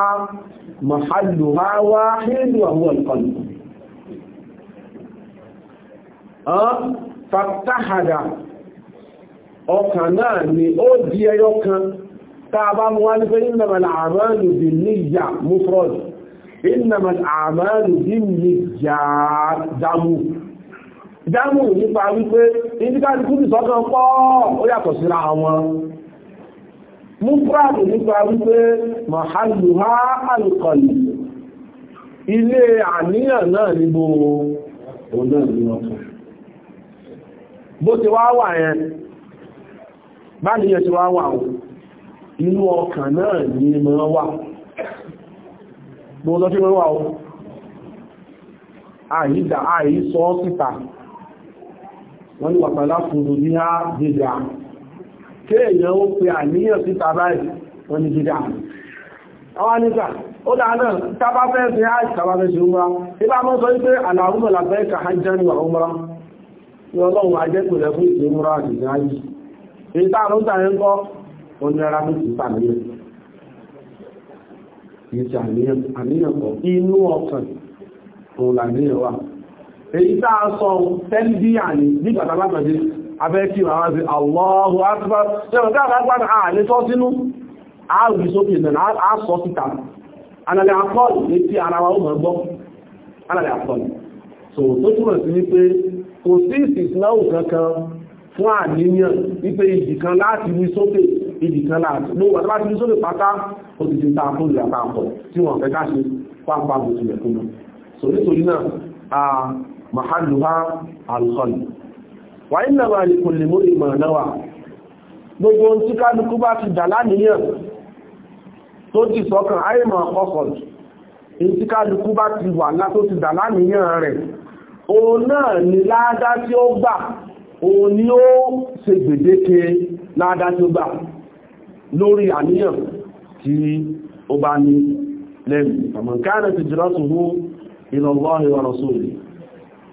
mahalu ha wá hílù àwọn ìkọlù fatahada ọkàn náà ni ó di ẹyọ kan tá a bá mú wá ní pé ìnàmà àmàlù bí níyà mufrod ìnàmà àmàlù bí níyà dámù jámù nípa wípé indikáàdìkú ti sọ́kàn pọ́ ó yàtọ̀ síra wọn nípa wípé mahaluha alkọlì ilé àníyàn náà níbo òun náà ní bó ti wá wà yẹn bá níyàn ti wá wà ọkàn náà ní mọ́ wà síta wọ́n ní wàtàlá fúrú ní á dídá kéèyàn ó pe àníyàn síta báyìí wọ́n ní dídá àwọn nígbà ó dáadáa tábá fẹ́ sí áì tàbá fẹ́ sí umra ibá mọ́ sọ wípé aláhùnmọ̀ làbẹ́ ka hajjani wà umra ní ọlọ́run ajẹ́kùnlẹ̀ fún ìpín umra àdìgbà yìí èyí tá àrùn tàyẹ ń èyí tá a sọ tẹ́lbíyà ní nígbà tàbátàdé abẹ́ kí wọ́n wá sí Allahu Akbar tẹ́wọ̀n tí a bá gbádùn ààrẹ sọ sínú ààrùn sókè náà a sọ síta alàlẹ́ àkọọ̀lù ní tí ara wa ó mọ̀ gbọ́ alàlẹ́ àkọọ̀lù so tó túnmọ̀ sí wípé kò sí ìsìsìláwò kankan fún àníyàn wípé ibìkan láti wí sókè ibìkan láti ló wà láti wí sókè pátá ó ti ti ta fún ìyàpá àpọ̀ tí wọ́n fẹ́ ká ṣe pápá bùsùn ẹ̀kún so nítorí náà mahalluha alkọlù wà ìlànà àlèkùnlè mú ìmọ̀ náwà gbogbo tí kálukú bá ti dà láníyàn tó ti sọ́kàn àìmọ̀ ọkọ̀lù tí kálukú bá ti wà lá tó ti dà láníyàn rẹ̀ òun náà ni láádá tí ó gbà òun ni ó ṣe gbèdéke láádá tí ó gbà lórí àníyàn tí ó bá ní lẹ́nu àmọ̀kánà ti jìrọ́tù hú ila Allahi wa rasulihi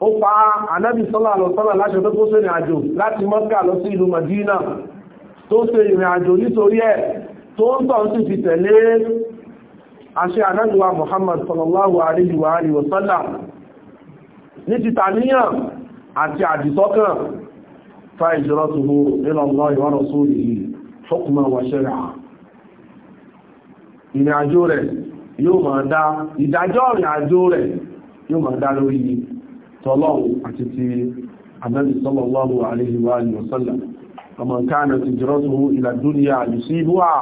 ó pa ànábì sọ́lá àlọ́sọ́lá láṣẹ tó kó sí ìrìn àjò láti mọ́kà lọ sí ìlú Madina tó sí ìrìn àjò nítorí ẹ̀ tó ń tọ́ sí ti tẹ̀lé àṣẹ ànábì Muhammad sallallahu alaihi wa alihi wa sallam ní ti tàníyàn àti àdìsọ́kàn fa hijratuhu ila Allah yóò máa dá ìdájọ́ ìrìn àjò rẹ̀ yóò máa dá lórí tọ́lọ́wọ́ àti ti ànábì sallallahu alayhi wa sallam ọmọ káàna ti jùrọ́ tó ila dunya yusibuha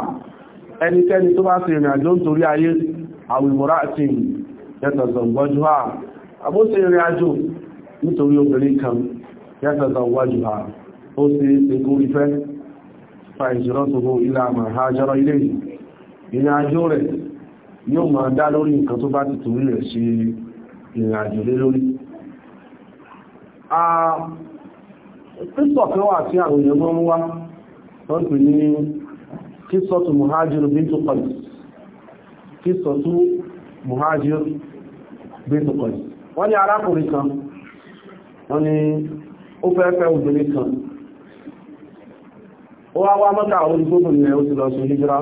ẹnikẹ́ni tó bá ṣèrìn àjò ń torí ayé àwìmọ̀rá àti yatazawwajuha àbó ṣèrìn àjò nítorí obìnrin kan yatazawwajuha ó sì ṣekú ìfẹ́ fa ìjùrọ́ tó ila ma hajara ilayhi ìrìn àjò rẹ̀ yóò máa dá lórí nǹkan tó bá ti torí rẹ̀ ṣe ìrìn lé lórí pípọ̀ muhajir bintu qais kíṣọ́tù muhajir bintu qais wọ́n arákùnrin kan wọ́n ní ó fẹ́ obìnrin kan ó wá wá mọ́ta àwọn olùgbóbìnrin rẹ̀ ó ti lọ sí hijira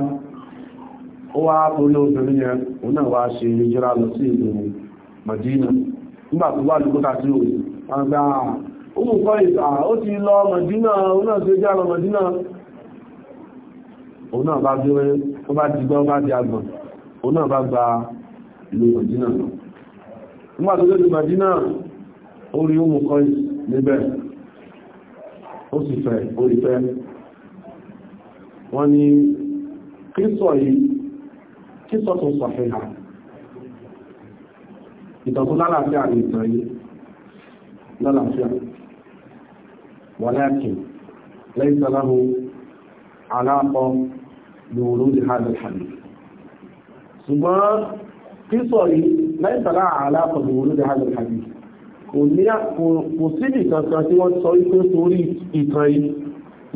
ó wá orí obìnrin ó náà wá ṣe lọ sí wà sí òun àgbà olùkọ́ ìta ó ti lọ mọ̀dínà oná tó já lọ mọ̀dínà òun náà bá gbé ó bá ti gbọ́n bá ti agbọ̀n òun náà bá gba ìlú mọ̀dínà lọ nígbà tó lórí mọ̀dínà ó rí olùkọ́ níbẹ̀ ó sì fẹ́ orí fẹ́ wọ́n ní kíso yìí kíso tó sọ̀fẹ́ ìtàn tó lálàáfíà ní ìtàn yìí lálàáfíà walakin laysa lahu alaqa bi wurudi hadha al-hadith ṣùgbọ́n kíso yìí láìsàlá àlàkọ̀ ìwòrò dẹ̀ hajjẹ̀ hajjẹ̀ kò síbì kankan tí wọ́n sọ ipé torí ìtàn yìí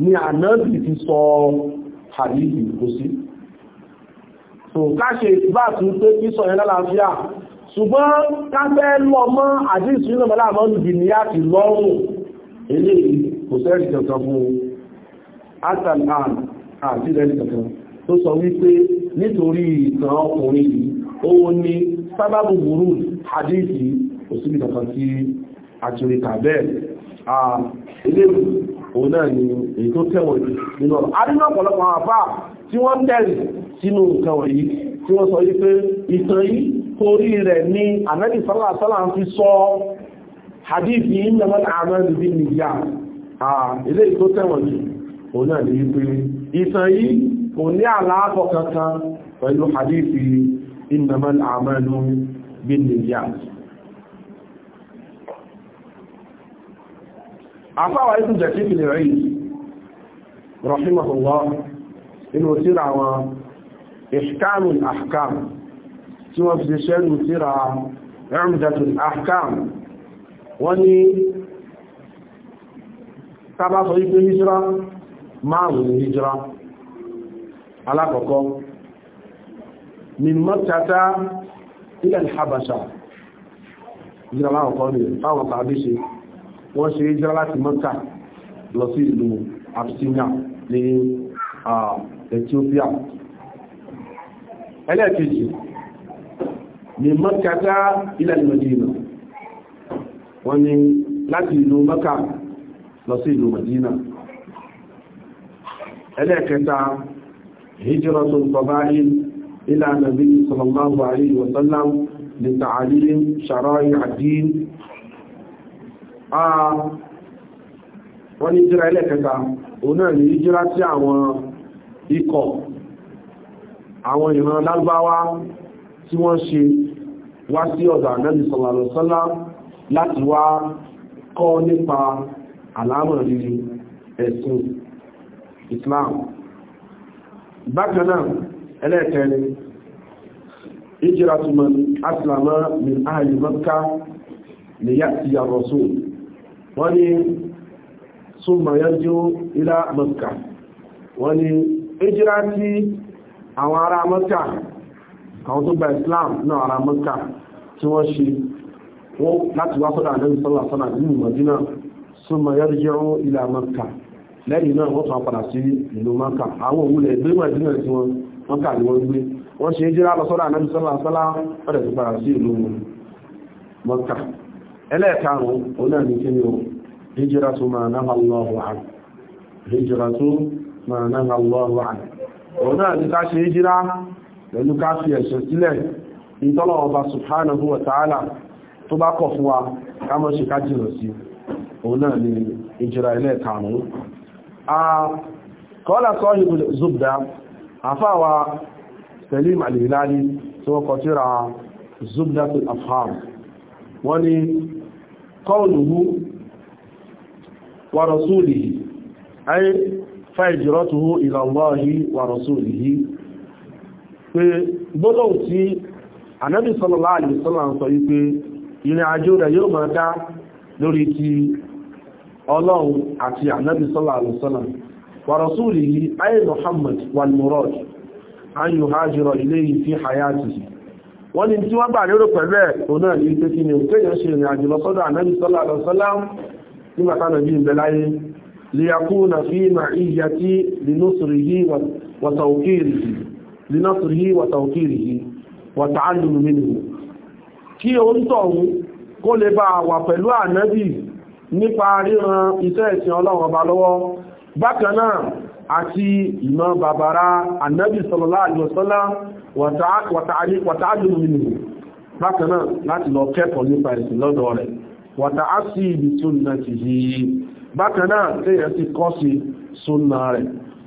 ni ànábì ti sọ hadithi kò sí ṣùgbọ́n káfẹ́ lọ mọ́ àdíṣù nínú mọ́lá mọ́ lùdì ní àti lọ́rùn ilé kò sẹ́rì kankan fún atan am àti rẹ̀ kankan tó sọ wípé nítorí ìtàn ọkùnrin yìí òun ni sábàbù burú àdíṣì kò síbi kankan sí àtìríkà bẹ́ẹ̀ ilé òun náà ni èyí tó tẹ̀wọ̀n nínú ọ̀rọ̀ adínú ọ̀pọ̀lọpọ̀ àwọn àfáà tí wọ́n tẹ̀lé sínú nǹkan wọ̀nyí tí wọ́n sọ wípé ìtàn yìí torí rẹ̀ ni ànábì sọ́lá sọ́lá ń fi sọ hadithi ìmọ̀mọ́ àmọ́lù bí nìyà ilé ìtó tẹ̀wọ̀n jù òun náà lè pé ìtàn yìí kò ní àlàáfọ̀ kankan pẹ̀lú hadithi ìmọ̀mọ́ àmọ́lù bí nìyà àfáwà ikú jẹ̀kí ìpìlẹ̀ rẹ̀ yìí rahimahullah inú síra wọn ihkamul ahkam tí wọ́n fi ṣẹ́rù síra Umdatul Ahkam wọ́n ní tàbá sọ ipé hijira márùn-ún hijira alákọ̀ọ́kọ́ min Makkata ila al-Habasha hijira láàkọ́kọ́ rẹ̀ fáwọn tàbí ṣe wọ́n ṣe hijira láti Makkah lọ sí ìlú Abisinia ní Ethiopia ẹlẹ́ẹ̀kejì ní mọ́kàtà ilẹ̀ Madina wọ́n ní láti ìlú mọ́kà lọ sí ìlú Madina ẹlẹ́ẹ̀kẹta hijiratul qabail ila nabi sallallahu alayhi wa sallam li ta'alim shara'i ad-din wọ́n ní jíra ẹlẹ́kẹta òun náà ní jíra tí àwọn ikọ̀ àwọn tí wọ́n ṣe wá sí ọ̀dọ̀ ànábì sallallahu alaihi wasallam láti wá kọ́ nípa àlámọ̀rí ẹ̀sìn Islam bákan náà ẹlẹ́ẹ̀kẹrin hijratu man aslama min ahli Makkah li ya'ti ar-rasul wọ́n ni summa yarju ila Makkah wọ́n ni hijira tí àwọn àwọn tó gba Islam náà ara mọ́ká tí wọ́n ṣe wọ́n láti wá sọ́dọ̀ àdẹ́bí sọ́lá sọ́nà nínú Mọ̀dínà súnmọ́ yẹ́rìyẹ́rún ilẹ̀ mọ́ká lẹ́yìn náà wọ́n tún padà sí ìlú mọ́ká àwọn òwúlẹ̀ ìgbé Mọ̀dínà tí wọ́n mọ́ká ni wọ́n gbé wọ́n ṣe jẹ́ lọ pẹ̀lú ká fi ẹ̀ṣẹ̀ sílẹ̀ ìtọ́lọ̀ ọba subhanahu wa ta'ala tó bá kọ̀ fún wa ká mọ́ ṣe ká jìnà sí òun náà ni ìjìra ilẹ̀ karùn-ún kọ́lá sọ́yìn zubda àfáwà Salim al tí wọ́n kọ tírà zubdatul afham wọ́n ni qawluhu wa ay fa hijratuhu ila Allahi wa pé gbọ́dọ̀ tí anábì sallallahu alaihi wasallam sọ wípé ìrìn àjò rẹ̀ yóò máa dá lórí ti ọlọ́run àti anábì sallallahu alaihi wasallam wa rasulihi ayé Muhammad wal murad an yuhajira ilayhi fi hayatihi wọ́n ní tí wọ́n bà lérò pẹ̀lú ẹ̀ òun náà ní pé kí ni òkèèyàn ṣe linasrihi wa tawqirihi wa ta'allum minhu kí o ń tọ̀hún kó lè bá wà pẹ̀lú ànábì nípa ríran iṣẹ́ ìsìn ọlọ́run ọba lọ́wọ́ bákan náà àti ìmọ̀ bàbára ànábì sallallahu alaihi wasallam wa ta'allum minhu bákan náà láti lọ kẹ́kọ̀ọ́ nípa ìsìn lọ́dọ̀ rẹ̀ wa sunna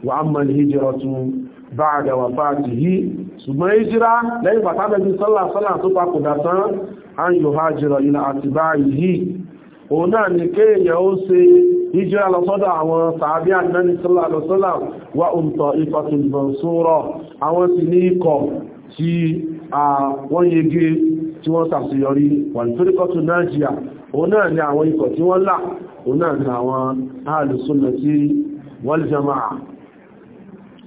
wa amma al báàdà wà fàájì yìí ṣùgbọ́n ìjírá lẹ́yìn pàtàkì sọ́là sọ́là tó papòdà tán an yóò ha jìrọ ilẹ̀ àti báyìí òun náà ni kéèyàn ó ṣe ìjírá lọ sọ́dọ̀ àwọn sàábí ànáni sọ́là lọ sọ́là wà òǹtọ̀ ifatul mansura àwọn sì ní ikọ̀ tí wọ́n yege tí wọ́n ṣàṣeyọrí wà nítorítọ́tù nájíyà òun náà ni àwọn ikọ̀ tí wọ́n là òun náà ni àwọn ahlus sunnati wal jama'a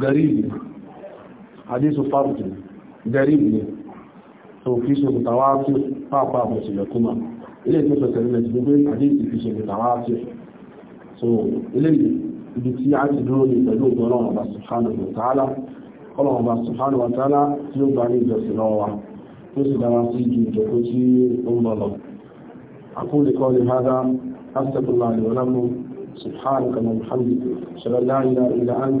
garibi hadisu farji garibi tó fi ṣe mutawatir pápá àbọ̀sílẹ̀ kuma ilé ìfẹ́ sọ̀tẹ̀lẹ̀ náà ti gbogbo hadisu fi ṣe mutawatir so ilé ibi tí a ti dúró ní pẹ̀lú ọgbọ̀n ọba subhanahu wa ta'ala ọlọ́run ọba subhanahu wa ta'ala tí ó gbà ní ìjọsìn lọ́wọ́ wa tó sì dára sí ju ìjọkó tí ó ń bọ̀ lọ أقول قولي هذا أستغفر الله لي ولكم سبحانك اللهم وبحمدك أشهد أن لا إله إلا أنت